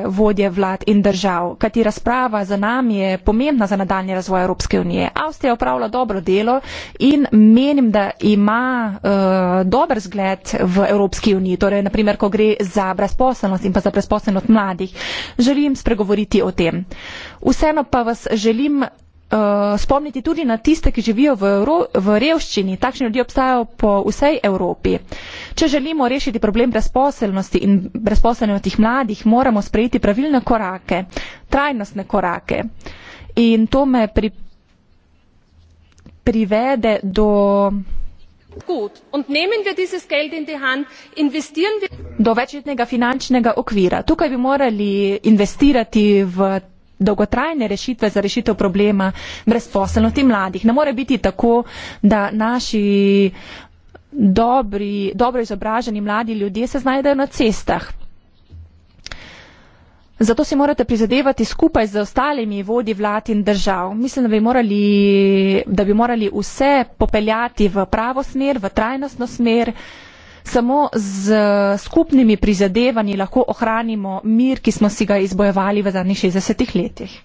vodje vlad in držav, kajti razprava za nami je pomembna za nadaljni razvoj Evropske unije. Avstrija opravlja dobro delo in menim, da ima uh, dober zgled v Evropski uniji, torej naprimer, ko gre za brezposelnost in pa za brezposelnost mladih. Želim spregovoriti o tem. Vseeno pa vas želim Eh, spomniti tudi na tiste, ki živijo v, Evro v revščini. Takšni ljudje obstajajo po vsej Evropi. Če želimo rešiti problem brezposelnosti in brezposelnosti mladih, moramo sprejeti pravilne korake, trajnostne korake. In to me pri privede do. Do večletnega finančnega okvira. Tukaj bi morali investirati v dolgotrajne rešitve za rešitev problema brezposelnosti mladih. Ne more biti tako, da naši dobri, dobro izobraženi mladi ljudje se znajdejo na cestah. Zato si morate prizadevati skupaj z ostalimi vodi vlad in držav. Mislim, da bi, morali, da bi morali vse popeljati v pravo smer, v trajnostno smer. Samo z eh, skupnimi prizadevanji lahko ohranimo mir, ki smo si ga izbojevali v zadnjih 60 letih.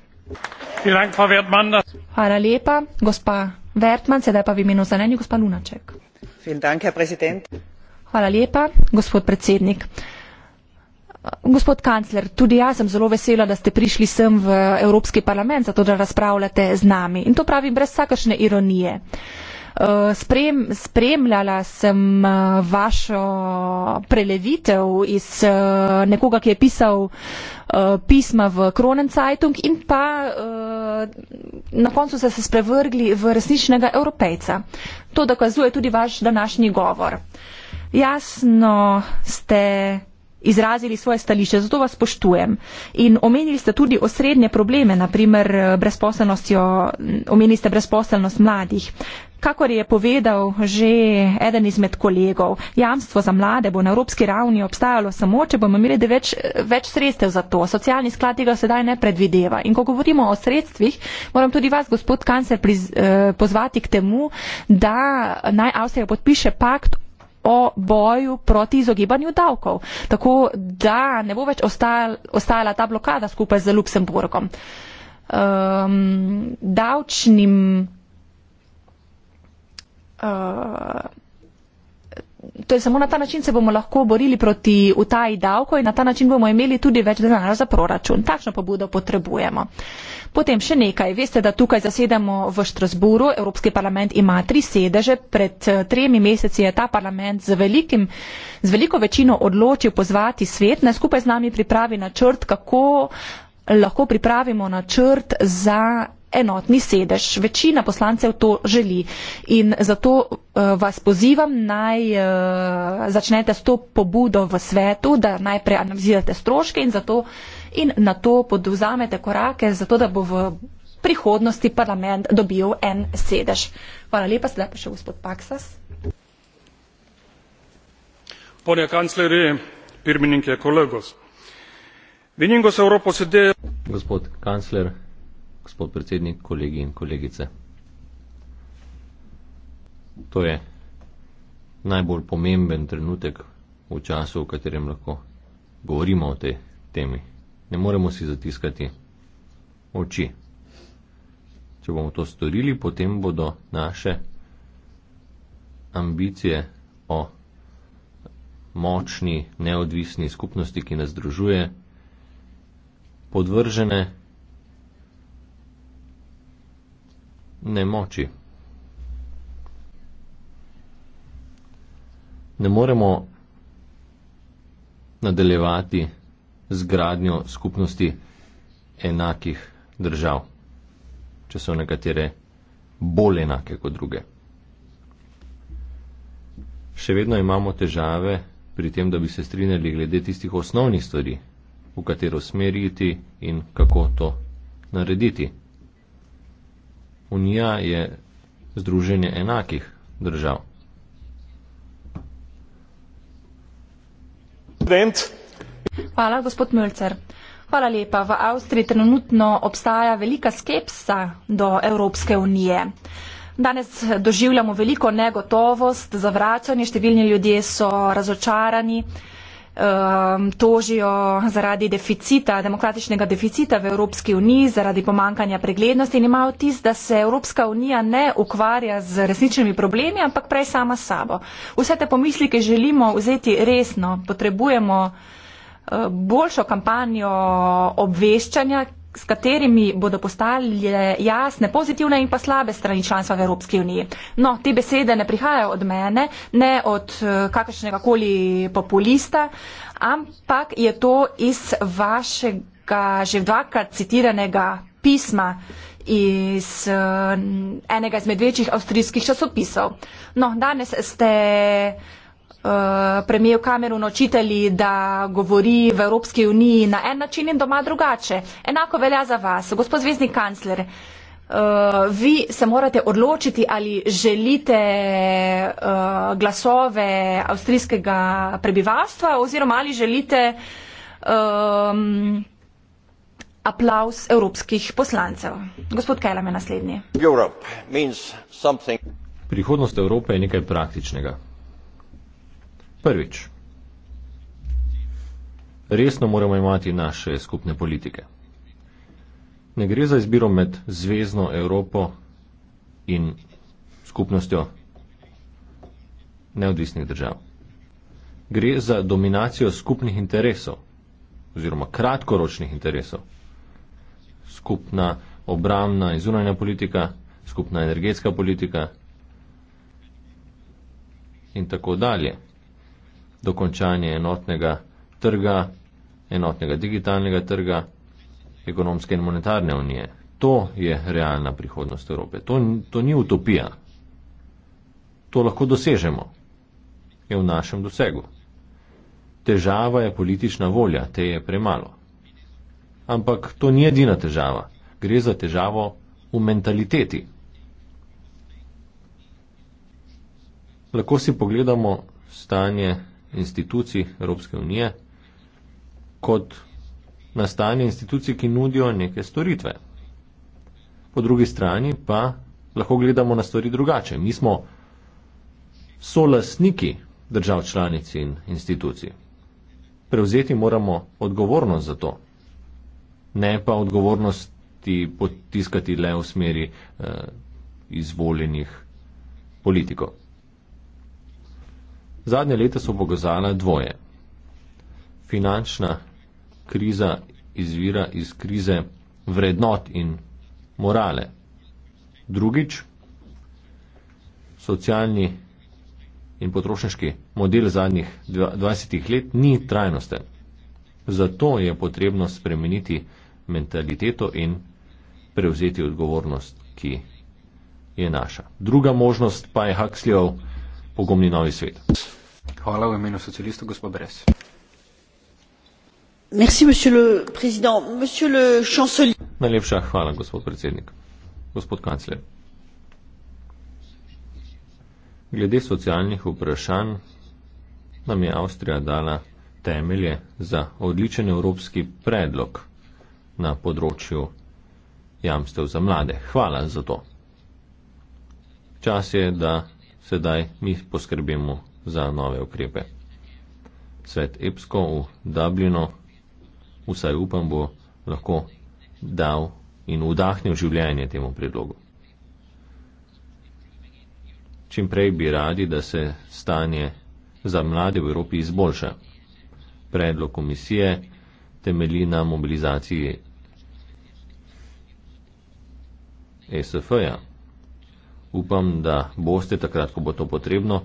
Hvala lepa, gospa Vertman, sedaj pa v imenu zanenju gospa Lunaček. Hvala lepa, gospod predsednik. Gospod kancler, tudi jaz sem zelo vesela, da ste prišli sem v Evropski parlament, zato da razpravljate z nami. In to pravim brez vsakršne ironije. Uh, Eh, sprem, spremljala sem uh, vašo prelevitev iz uh, nekoga, ki je pisal uh, pisma v Kronenzeitung in pa uh, na koncu ste se sprevrgli v resničnega evropejca. To dokazuje tudi vaš današnji govor. Jasno ste izrazili svoje stališče, zato vas poštujem. In omenili ste tudi osrednje probleme, naprimer eh, brezposelnostjo, omenili ste brezposelnost mladih. Kakor je povedal že eden izmed kolegov, jamstvo za mlade bo na evropski ravni obstajalo samo, če bomo imeli več, več sredstev za to. Socialni sklad tega sedaj ne predvideva. In ko govorimo o sredstvih, moram tudi vas, gospod Kancer, priz, eh, pozvati k temu, da naj Avstrija podpiše pakt o boju proti izogibanju davkov. Tako da ne bo več ostala ta blokada skupaj z Luksemburgom. Um, davčnim. Uh, To je samo na ta način se bomo lahko borili proti utaji davko in na ta način bomo imeli tudi več denarja za proračun. Takšno pobudo potrebujemo. Uh, Potem še nekaj. Veste, da tukaj zasedamo v Štrasburu. Evropski parlament ima tri sedeže. Pred eh, tremi meseci je ta parlament z, velikim, z veliko večino odločil pozvati svet, naj skupaj z nami pripravi načrt, kako lahko pripravimo načrt za enotni sedež. Večina poslancev to želi in zato uh, vas pozivam, naj uh, začnete s to pobudo v svetu, da najprej analizirate stroške in zato in na to podvzamete korake, zato da bo v prihodnosti parlament dobil en sedež. Hvala lepa, sedaj pa še gospod Paksas.
Ponje kanclerje, pirmininke kolegos.
Viningos Evropo sedeje.
Gospod kancler, gospod predsednik, kolegi in kolegice. To je najbolj pomemben trenutek v času, v katerem lahko govorimo o tej temi. Ne moremo si zatiskati oči. Če bomo to storili, potem bodo naše ambicije o močni, neodvisni skupnosti, ki nas združuje, podvržene nemoči. Ne moremo nadaljevati z gradnjo skupnosti enakih držav, če so nekatere bolj enake kot druge. Še vedno imamo težave pri tem, da bi se strinjali glede tistih osnovnih stvari, v katero smeriti in kako to narediti. Unija je združenje enakih držav.
Predsednik,
Hvala, gospod Mölcer. Hvala lepa. V Avstriji trenutno obstaja velika skepsa do Evropske unije. Danes doživljamo veliko negotovost, zavračanje, številni ljudje so razočarani, um, tožijo zaradi deficita, demokratičnega deficita v Evropski uniji, zaradi pomankanja preglednosti in imajo tist, da se Evropska unija ne ukvarja z resničnimi problemi, ampak prej sama sabo. Vse te pomislike želimo vzeti resno, potrebujemo boljšo kampanjo obveščanja, s katerimi bodo postali jasne pozitivne in pa slabe strani članstva v Evropski uniji. No, te besede ne prihajajo od mene, ne od eh, kakršnega koli populista, ampak je to iz vašega že dvakrat citiranega pisma iz eh, enega izmed večjih avstrijskih časopisov. No, danes ste. Eh, premijev Cameron očitali, da govori v Evropski uniji na en način in doma drugače. Enako velja za vas, gospod zvezdni kancler. Uh, vi se morate odločiti, ali želite uh, glasove avstrijskega prebivalstva oziroma ali želite um, ehm, aplaus evropskih poslancev. Gospod Kelam je naslednji.
Prihodnost Evrope je nekaj praktičnega. Prvič, resno moramo imati naše skupne politike. Ne gre za izbiro med zvezdno Evropo in skupnostjo neodvisnih držav. Gre za dominacijo skupnih interesov oziroma kratkoročnih interesov. Skupna obramna in zunanja politika, skupna energetska politika in tako dalje dokončanje enotnega trga, enotnega digitalnega trga, ekonomske in monetarne unije. To je realna prihodnost Evrope. To, to ni utopija. To lahko dosežemo. Je v našem dosegu. Težava je politična volja, te je premalo. Ampak to ni edina težava. Gre za težavo v mentaliteti. Lahko si pogledamo stanje institucij Evropske unije kot nastanje institucij, ki nudijo neke storitve. Po drugi strani pa lahko gledamo na stvari drugače. Mi smo solasniki držav članic in institucij. Prevzeti moramo odgovornost za to, ne pa odgovornosti potiskati le v smeri eh, izvoljenih politikov. Zadnje leta so pokazala dvoje. Finančna kriza izvira iz krize vrednot in morale. Drugič, socialni in potrošniški model zadnjih 20 let ni trajnosten. Zato je potrebno spremeniti mentaliteto in prevzeti odgovornost, ki je naša. Druga možnost pa je Huxleyov pogumni novi svet.
Hvala v imenu socialistov,
gospod Brez.
Merci, monsieur le président. Monsieur le chancelier.
Najlepša hvala, gospod predsednik. Gospod kancler. Glede socialnih vprašanj nam je Avstrija dala temelje za odličen evropski predlog na področju jamstev za mlade. Hvala za to. Čas je, da sedaj mi poskrbimo za nove ukrepe. Svet EPSKO v Dublinu, vsaj upam, bo lahko dal in vdahnil življenje temu predlogu. Čim prej bi radi, da se stanje za mlade v Evropi izboljša. Predlog komisije temelji na mobilizaciji SFJ. Upam, da boste takrat, ko bo to potrebno,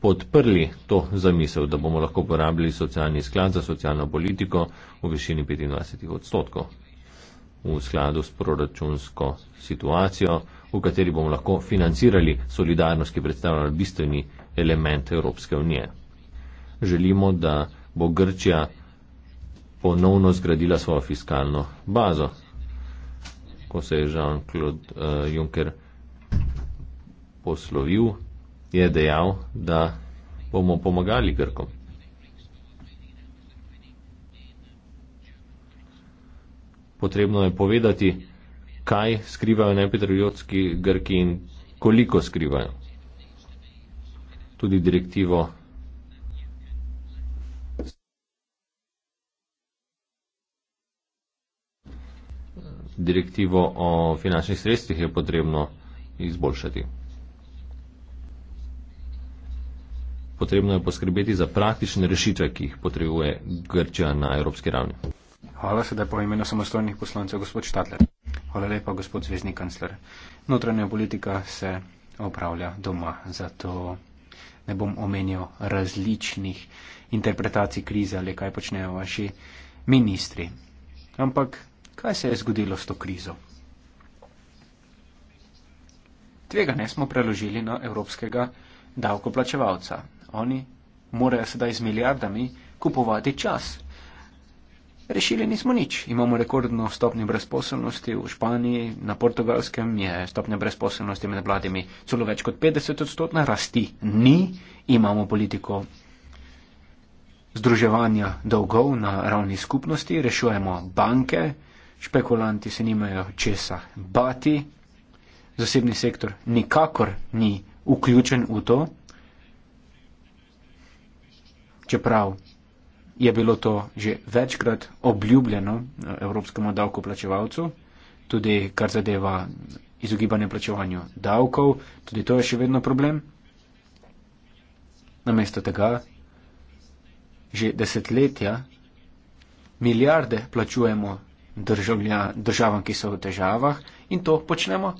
podprli to zamisel, da bomo lahko porabili socialni sklad za socialno politiko v višini 25 odstotkov v skladu s proračunsko situacijo, v kateri bomo lahko financirali solidarnost, ki predstavlja bistveni element Evropske unije. Želimo, da bo Grčija ponovno zgradila svojo fiskalno bazo, ko se je Jean-Claude eh, Juncker poslovil je dejal, da bomo pomagali Grkom. Potrebno je povedati, kaj skrivajo nepetrojotski Grki in koliko skrivajo. Tudi direktivo. direktivo o finančnih sredstvih je potrebno izboljšati. potrebno je poskrbeti za praktične rešitve, ki jih potrebuje Grčija na evropski
ravni. Hvala sedaj po imenu samostojnih poslancev, gospod Štadler. Hvala lepa, gospod zvezdni kancler. Notranja politika se opravlja doma, zato ne bom omenil različnih interpretacij krize ali kaj počnejo vaši ministri. Ampak kaj se je zgodilo s to krizo? Tvega ne smo preložili na evropskega davkoplačevalca oni morajo sedaj z milijardami kupovati čas. Rešili nismo nič. Imamo rekordno stopnjo brezposelnosti v Španiji, na portugalskem je stopnja brezposelnosti med vladami celo več kot 50 odstotna, rasti ni. Imamo politiko združevanja dolgov na ravni skupnosti, rešujemo banke, špekulanti se nimajo česa bati, zasebni sektor nikakor ni vključen v to čeprav je bilo to že večkrat obljubljeno eh, evropskemu davkoplačevalcu, tudi kar zadeva izogibanje plačevanju davkov, tudi to je še vedno problem. Namesto tega že desetletja milijarde plačujemo državlja, državam, ki so v težavah in to počnemo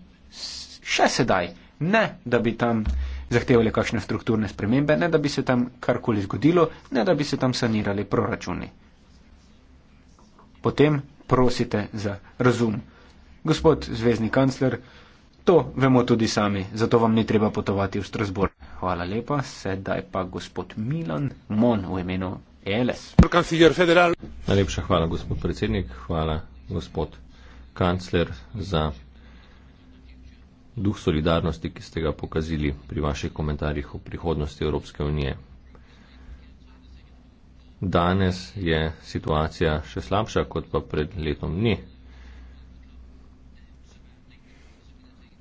še sedaj, ne da bi tam zahtevali kakšne strukturne spremembe, ne da bi se tam karkoli zgodilo, ne da bi se tam sanirali proračuni. Potem prosite za razum. Gospod zvezdni kancler, to vemo tudi sami, zato vam ni treba potovati v Strasbourg. Hvala lepa, sedaj pa gospod Milan Mon v imenu ELS. Najlepša
hvala, gospod predsednik, hvala, gospod kancler, za duh solidarnosti, ki ste ga pokazali pri vaših komentarjih o prihodnosti Evropske unije. Danes je situacija še slabša kot pa pred letom dni.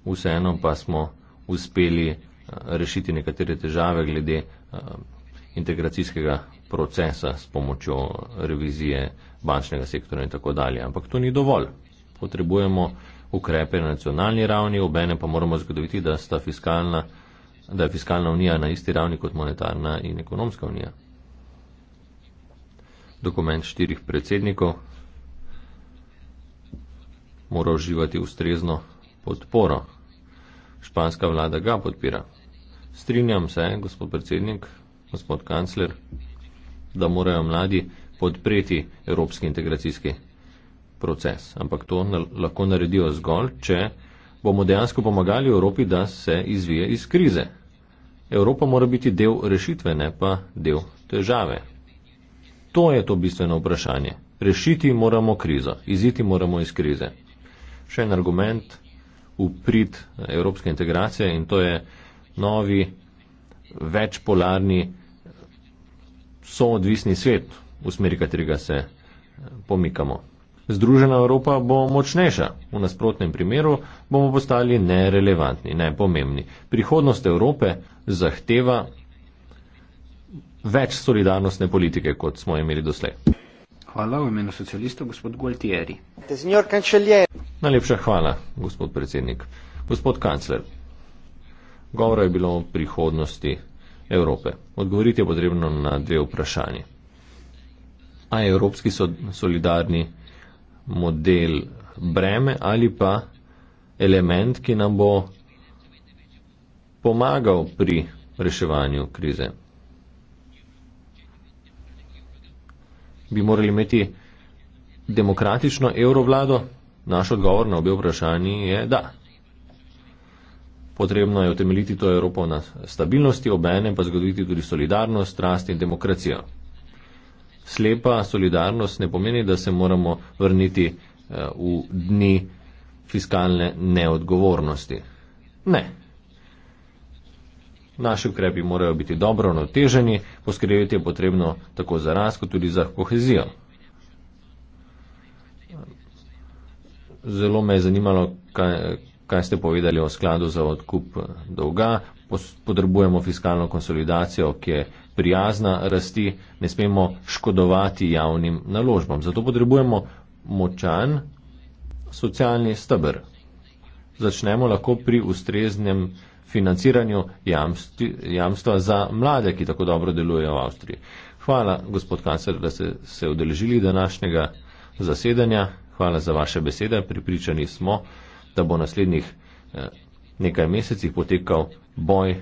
Vseeno pa smo uspeli eh, rešiti nekatere težave glede eh, integracijskega procesa s pomočjo revizije bančnega sektora in tako dalje. Ampak to ni dovolj. Potrebujemo ukrepe na nacionalni ravni, obene pa moramo zgodoviti, da, fiskalna, da je fiskalna unija na isti ravni kot monetarna in ekonomska unija. Dokument štirih predsednikov mora uživati ustrezno podporo. Španska vlada ga podpira. Strinjam se, gospod predsednik, gospod kancler, da morajo mladi podpreti evropski integracijski proces. Ampak to na, lahko naredijo zgolj, če bomo dejansko pomagali Evropi, da se izvije iz krize. Evropa mora biti del rešitve, ne pa del težave. To je to bistveno vprašanje. Rešiti moramo krizo, iziti moramo iz krize. Še en argument v prid evropske integracije in to je novi večpolarni soodvisni svet, v smeri katerega se pomikamo. Združena Evropa bo močnejša, v nasprotnem primeru bomo postali nerelevantni, nepomembni. Prihodnost Evrope zahteva več solidarnostne politike, kot smo imeli doslej.
Hvala v imenu socialista, gospod Gualtieri.
Najlepša hvala, gospod predsednik. Gospod kancler, govora je bilo o prihodnosti Evrope. Odgovoriti je potrebno na dve vprašanje. A je evropski solidarni? model breme ali pa element, ki nam bo pomagal pri reševanju krize. Bi morali imeti demokratično evrovlado? Naš odgovor na obe vprašanji je da. Potrebno je utemeljiti to Evropo na stabilnosti, obenem pa zgoditi tudi solidarnost, rast in demokracijo slepa solidarnost ne pomeni, da se moramo vrniti eh, v dni fiskalne neodgovornosti. Ne. Naši ukrepi morajo biti dobro noteženi, poskrbeti je potrebno tako za rast, kot tudi za kohezijo. Zelo me je zanimalo, kaj, kaj ste povedali o skladu za odkup dolga. Potrebujemo fiskalno konsolidacijo, ki je prijazna rasti, ne smemo škodovati javnim naložbam. Zato potrebujemo močan socialni stebr. Začnemo lahko pri ustreznem financiranju jamsti, jamstva za mlade, ki tako dobro delujejo v Avstriji. Hvala, gospod Kancer, da ste se odeležili današnjega zasedanja. Hvala za vaše besede. Pripričani smo, da bo naslednjih eh, nekaj mesecih potekal boj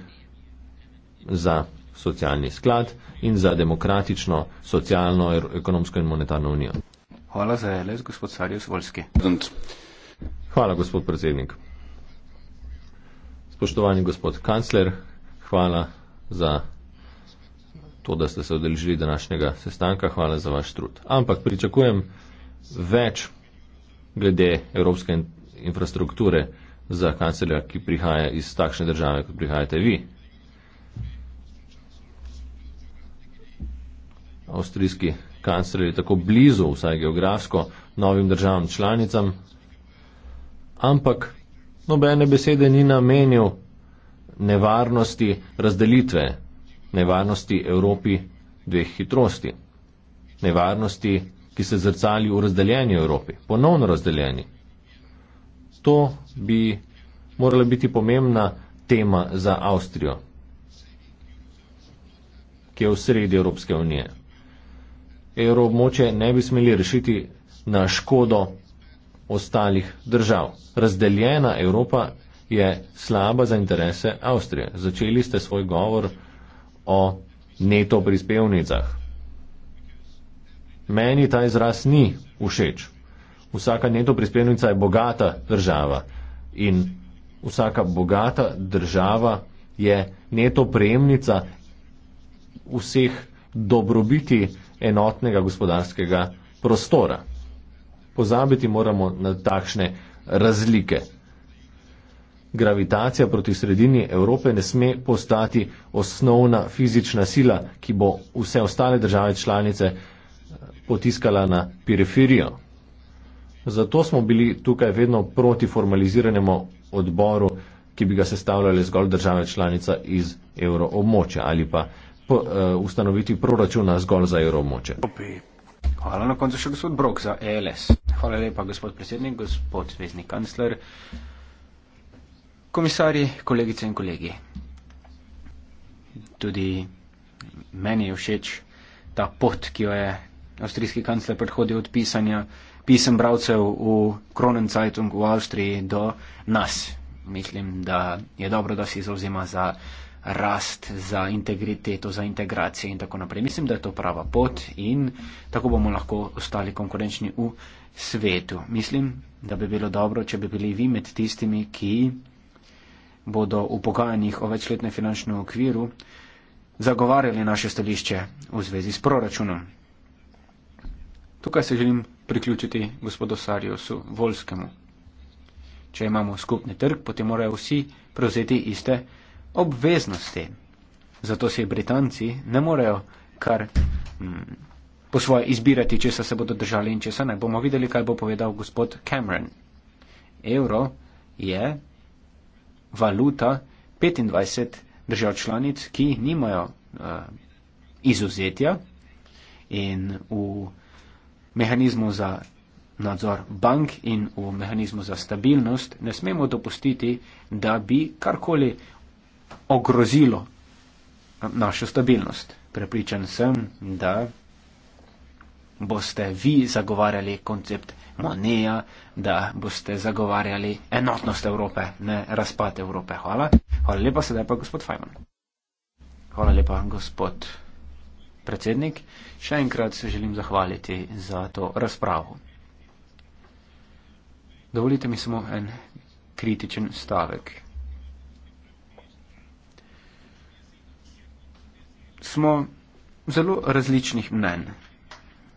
za socialni sklad in za demokratično, socialno, ekonomsko in monetarno unijo.
Hvala za LS, gospod Sarjev Svolski.
Hvala, gospod predsednik. Spoštovani gospod kancler, hvala za to, da ste se odeležili današnjega sestanka, hvala za vaš trud. Ampak pričakujem več glede evropske infrastrukture za kanclerja, ki prihaja iz takšne države, kot prihajate vi. avstrijski kancleri tako blizu, vsaj geografsko, novim državam članicam, ampak nobene besede ni namenil nevarnosti razdelitve, nevarnosti Evropi dveh hitrosti, nevarnosti, ki se zrcali v razdeljeni Evropi, ponovno razdeljeni. To bi morala biti pomembna tema za Avstrijo, ki je v sredi Evropske unije evroobmoče ne bi smeli rešiti na škodo ostalih držav. Razdeljena Evropa je slaba za interese Avstrije. Začeli ste svoj govor o neto prispevnicah. Meni ta izraz ni všeč. Vsaka neto prispevnica je bogata država in vsaka bogata država je neto prejemnica vseh dobrobiti, enotnega gospodarskega prostora. Pozabiti moramo na takšne razlike. Gravitacija proti sredini Evrope ne sme postati osnovna fizična sila, ki bo vse ostale države članice eh, potiskala na periferijo. Zato smo bili tukaj vedno proti formaliziranemu odboru, ki bi ga sestavljali zgolj države članica iz evroobmočja ali pa p, uh, eh, ustanoviti proračuna zgolj za evromoče.
Hvala na koncu še gospod Brok za ELS. Hvala lepa gospod predsednik, gospod zvezdni kancler, komisari, kolegice in kolegi. Tudi meni je všeč ta pot, ki jo je avstrijski kancler predhodil od pisanja pisem bravcev v Kronenzeitung v Avstriji do nas. Mislim, da je dobro, da si zauzima za rast, za integriteto, za integracijo in tako naprej. Mislim, da je to prava pot in tako bomo lahko ostali konkurenčni v svetu. Mislim, da bi bilo dobro, če bi bili vi med tistimi, ki bodo v pogajanjih o večletnem finančnem okviru zagovarjali naše stališče v zvezi s proračunom. Tukaj se želim priključiti gospodu Sarjusu Volskemu. Če imamo skupni trg, potem morajo vsi prevzeti iste obveznosti. Zato si Britanci ne morejo kar mm, po svoje izbirati, če se bodo držali in če se ne. Bomo videli, kaj bo povedal gospod Cameron. Euro je valuta 25 držav članic, ki nimajo uh, izuzetja in v mehanizmu za nadzor bank in v mehanizmu za stabilnost ne smemo dopustiti, da bi karkoli ogrozilo našo stabilnost. Prepričan sem, da boste vi zagovarjali koncept Moneja, da boste zagovarjali enotnost Evrope, ne razpad Evrope. Hvala. Hvala lepa, sedaj pa gospod Fajman. Hvala lepa, gospod predsednik. Še enkrat se želim zahvaliti za to razpravo. Dovolite mi samo en kritičen stavek. smo zelo različnih mnen.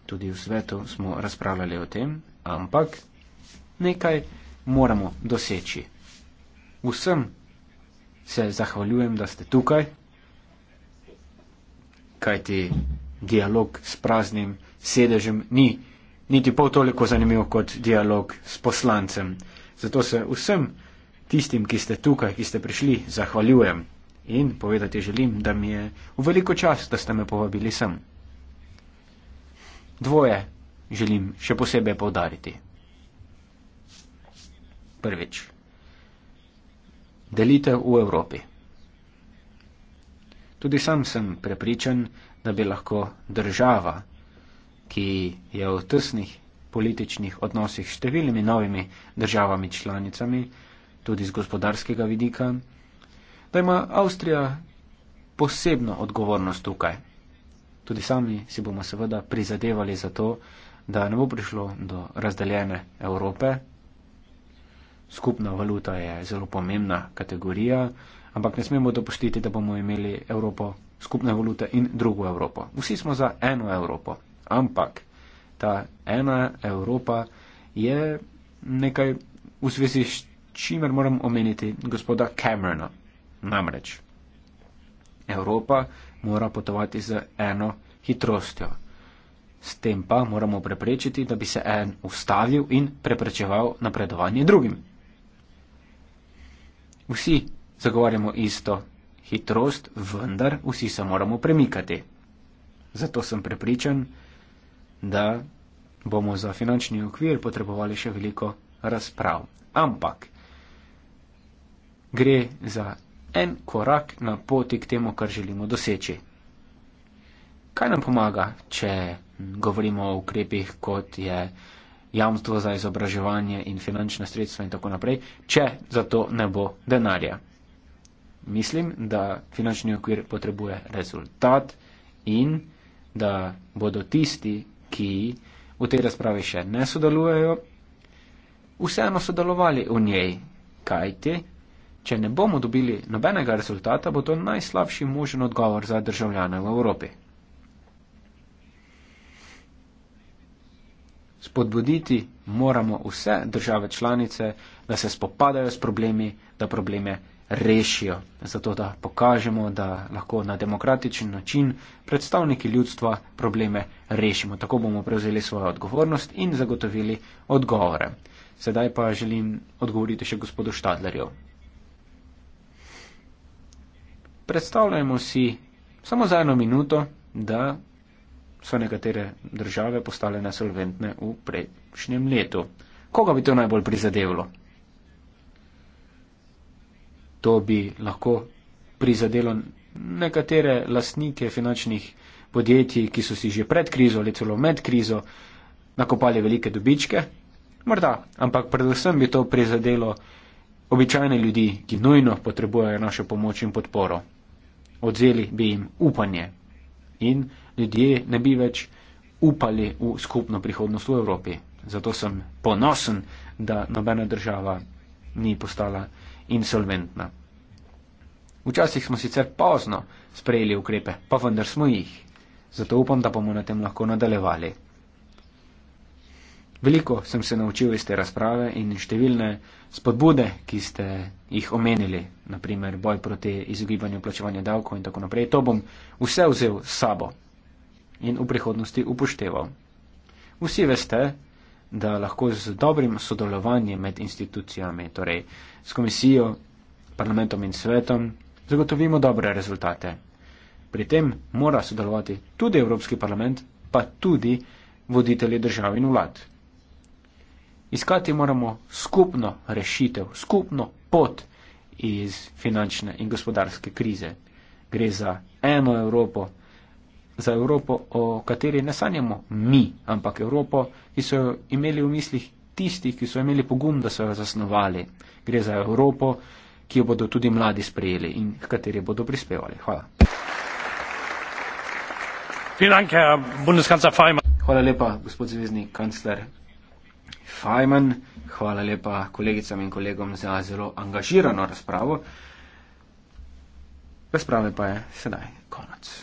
Tudi v svetu smo razpravljali o tem, ampak nekaj moramo doseči. Vsem se zahvaljujem, da ste tukaj, kajti dialog s praznim sedežem ni niti pol toliko zanimiv kot dialog s poslancem. Zato se vsem tistim, ki ste tukaj, ki ste prišli, zahvaljujem in povedati želim, da mi je v veliko čas, da ste me povabili sem. Dvoje želim še posebej povdariti. Prvič. Delitev v Evropi. Tudi sam sem prepričan, da bi lahko država, ki je v tesnih političnih odnosih s številnimi novimi državami članicami, tudi z gospodarskega vidika, da ima Avstrija posebno odgovornost tukaj. Tudi sami si bomo seveda prizadevali za to, da ne bo prišlo do razdeljene Evrope. Skupna valuta je zelo pomembna kategorija, ampak ne smemo dopustiti, da bomo imeli Evropo skupne valute in drugo Evropo. Vsi smo za eno Evropo, ampak ta ena Evropa je nekaj v zvezi s čimer moram omeniti gospoda Camerona. Namreč Evropa mora potovati z eno hitrostjo. S tem pa moramo preprečiti, da bi se en ustavil in preprečeval napredovanje drugim. Vsi zagovarjamo isto hitrost, vendar vsi se moramo premikati. Zato sem prepričan, da bomo za finančni okvir potrebovali še veliko razprav. Ampak gre za en korak na poti k temu, kar želimo doseči. Kaj nam pomaga, če govorimo o ukrepih, kot je jamstvo za izobraževanje in finančna sredstva in tako naprej, če za to ne bo denarja? Mislim, da finančni okvir potrebuje rezultat in da bodo tisti, ki v tej razpravi še ne sodelujejo, vseeno sodelovali v njej. Kajti Če ne bomo dobili nobenega rezultata, bo to najslabši možen odgovor za državljane v Evropi. Spodbuditi moramo vse države članice, da se spopadajo s problemi, da probleme rešijo, zato da pokažemo, da lahko na demokratičen način predstavniki ljudstva probleme rešimo. Tako bomo prevzeli svojo odgovornost in zagotovili odgovore. Sedaj pa želim odgovoriti še gospodu Štadlerju predstavljajmo si samo za eno minuto, da so nekatere države postale nesolventne v prejšnjem letu. Koga bi to najbolj prizadevalo? To bi lahko prizadelo nekatere lastnike finančnih podjetij, ki so si že pred krizo ali celo med krizo nakopali velike dobičke. Morda, ampak predvsem bi to prizadelo običajne ljudi, ki nujno potrebujejo našo pomoč in podporo odzeli bi jim upanje in ljudje ne bi več upali v skupno prihodnost v Evropi. Zato sem ponosen, da nobena država ni postala insolventna. Včasih smo sicer pozno sprejeli ukrepe, pa vendar smo jih. Zato upam, da bomo na tem lahko nadaljevali. Veliko sem se naučil iz te razprave in številne spodbude, ki ste jih omenili, naprimer boj proti izogibanju plačevanja davkov in tako naprej, to bom vse vzel s sabo in v prihodnosti upošteval. Vsi veste, da lahko z dobrim sodelovanjem med institucijami, torej s komisijo, parlamentom in svetom, zagotovimo dobre rezultate. Pri tem mora sodelovati tudi Evropski parlament, pa tudi voditelji držav in vlad. Iskati moramo skupno rešitev, skupno pot iz finančne in gospodarske krize. Gre za eno Evropo, za Evropo, o kateri ne sanjamo mi, ampak Evropo, ki so jo imeli v mislih tisti, ki so imeli pogum, da so jo zasnovali. Gre za Evropo, ki jo bodo tudi mladi sprejeli in k kateri bodo prispevali. Hvala. Hvala lepa, gospod zvezdni kancler. Fajman. Hvala lepa kolegicam in kolegom za zelo angažirano razpravo. Razprave pa je sedaj konec.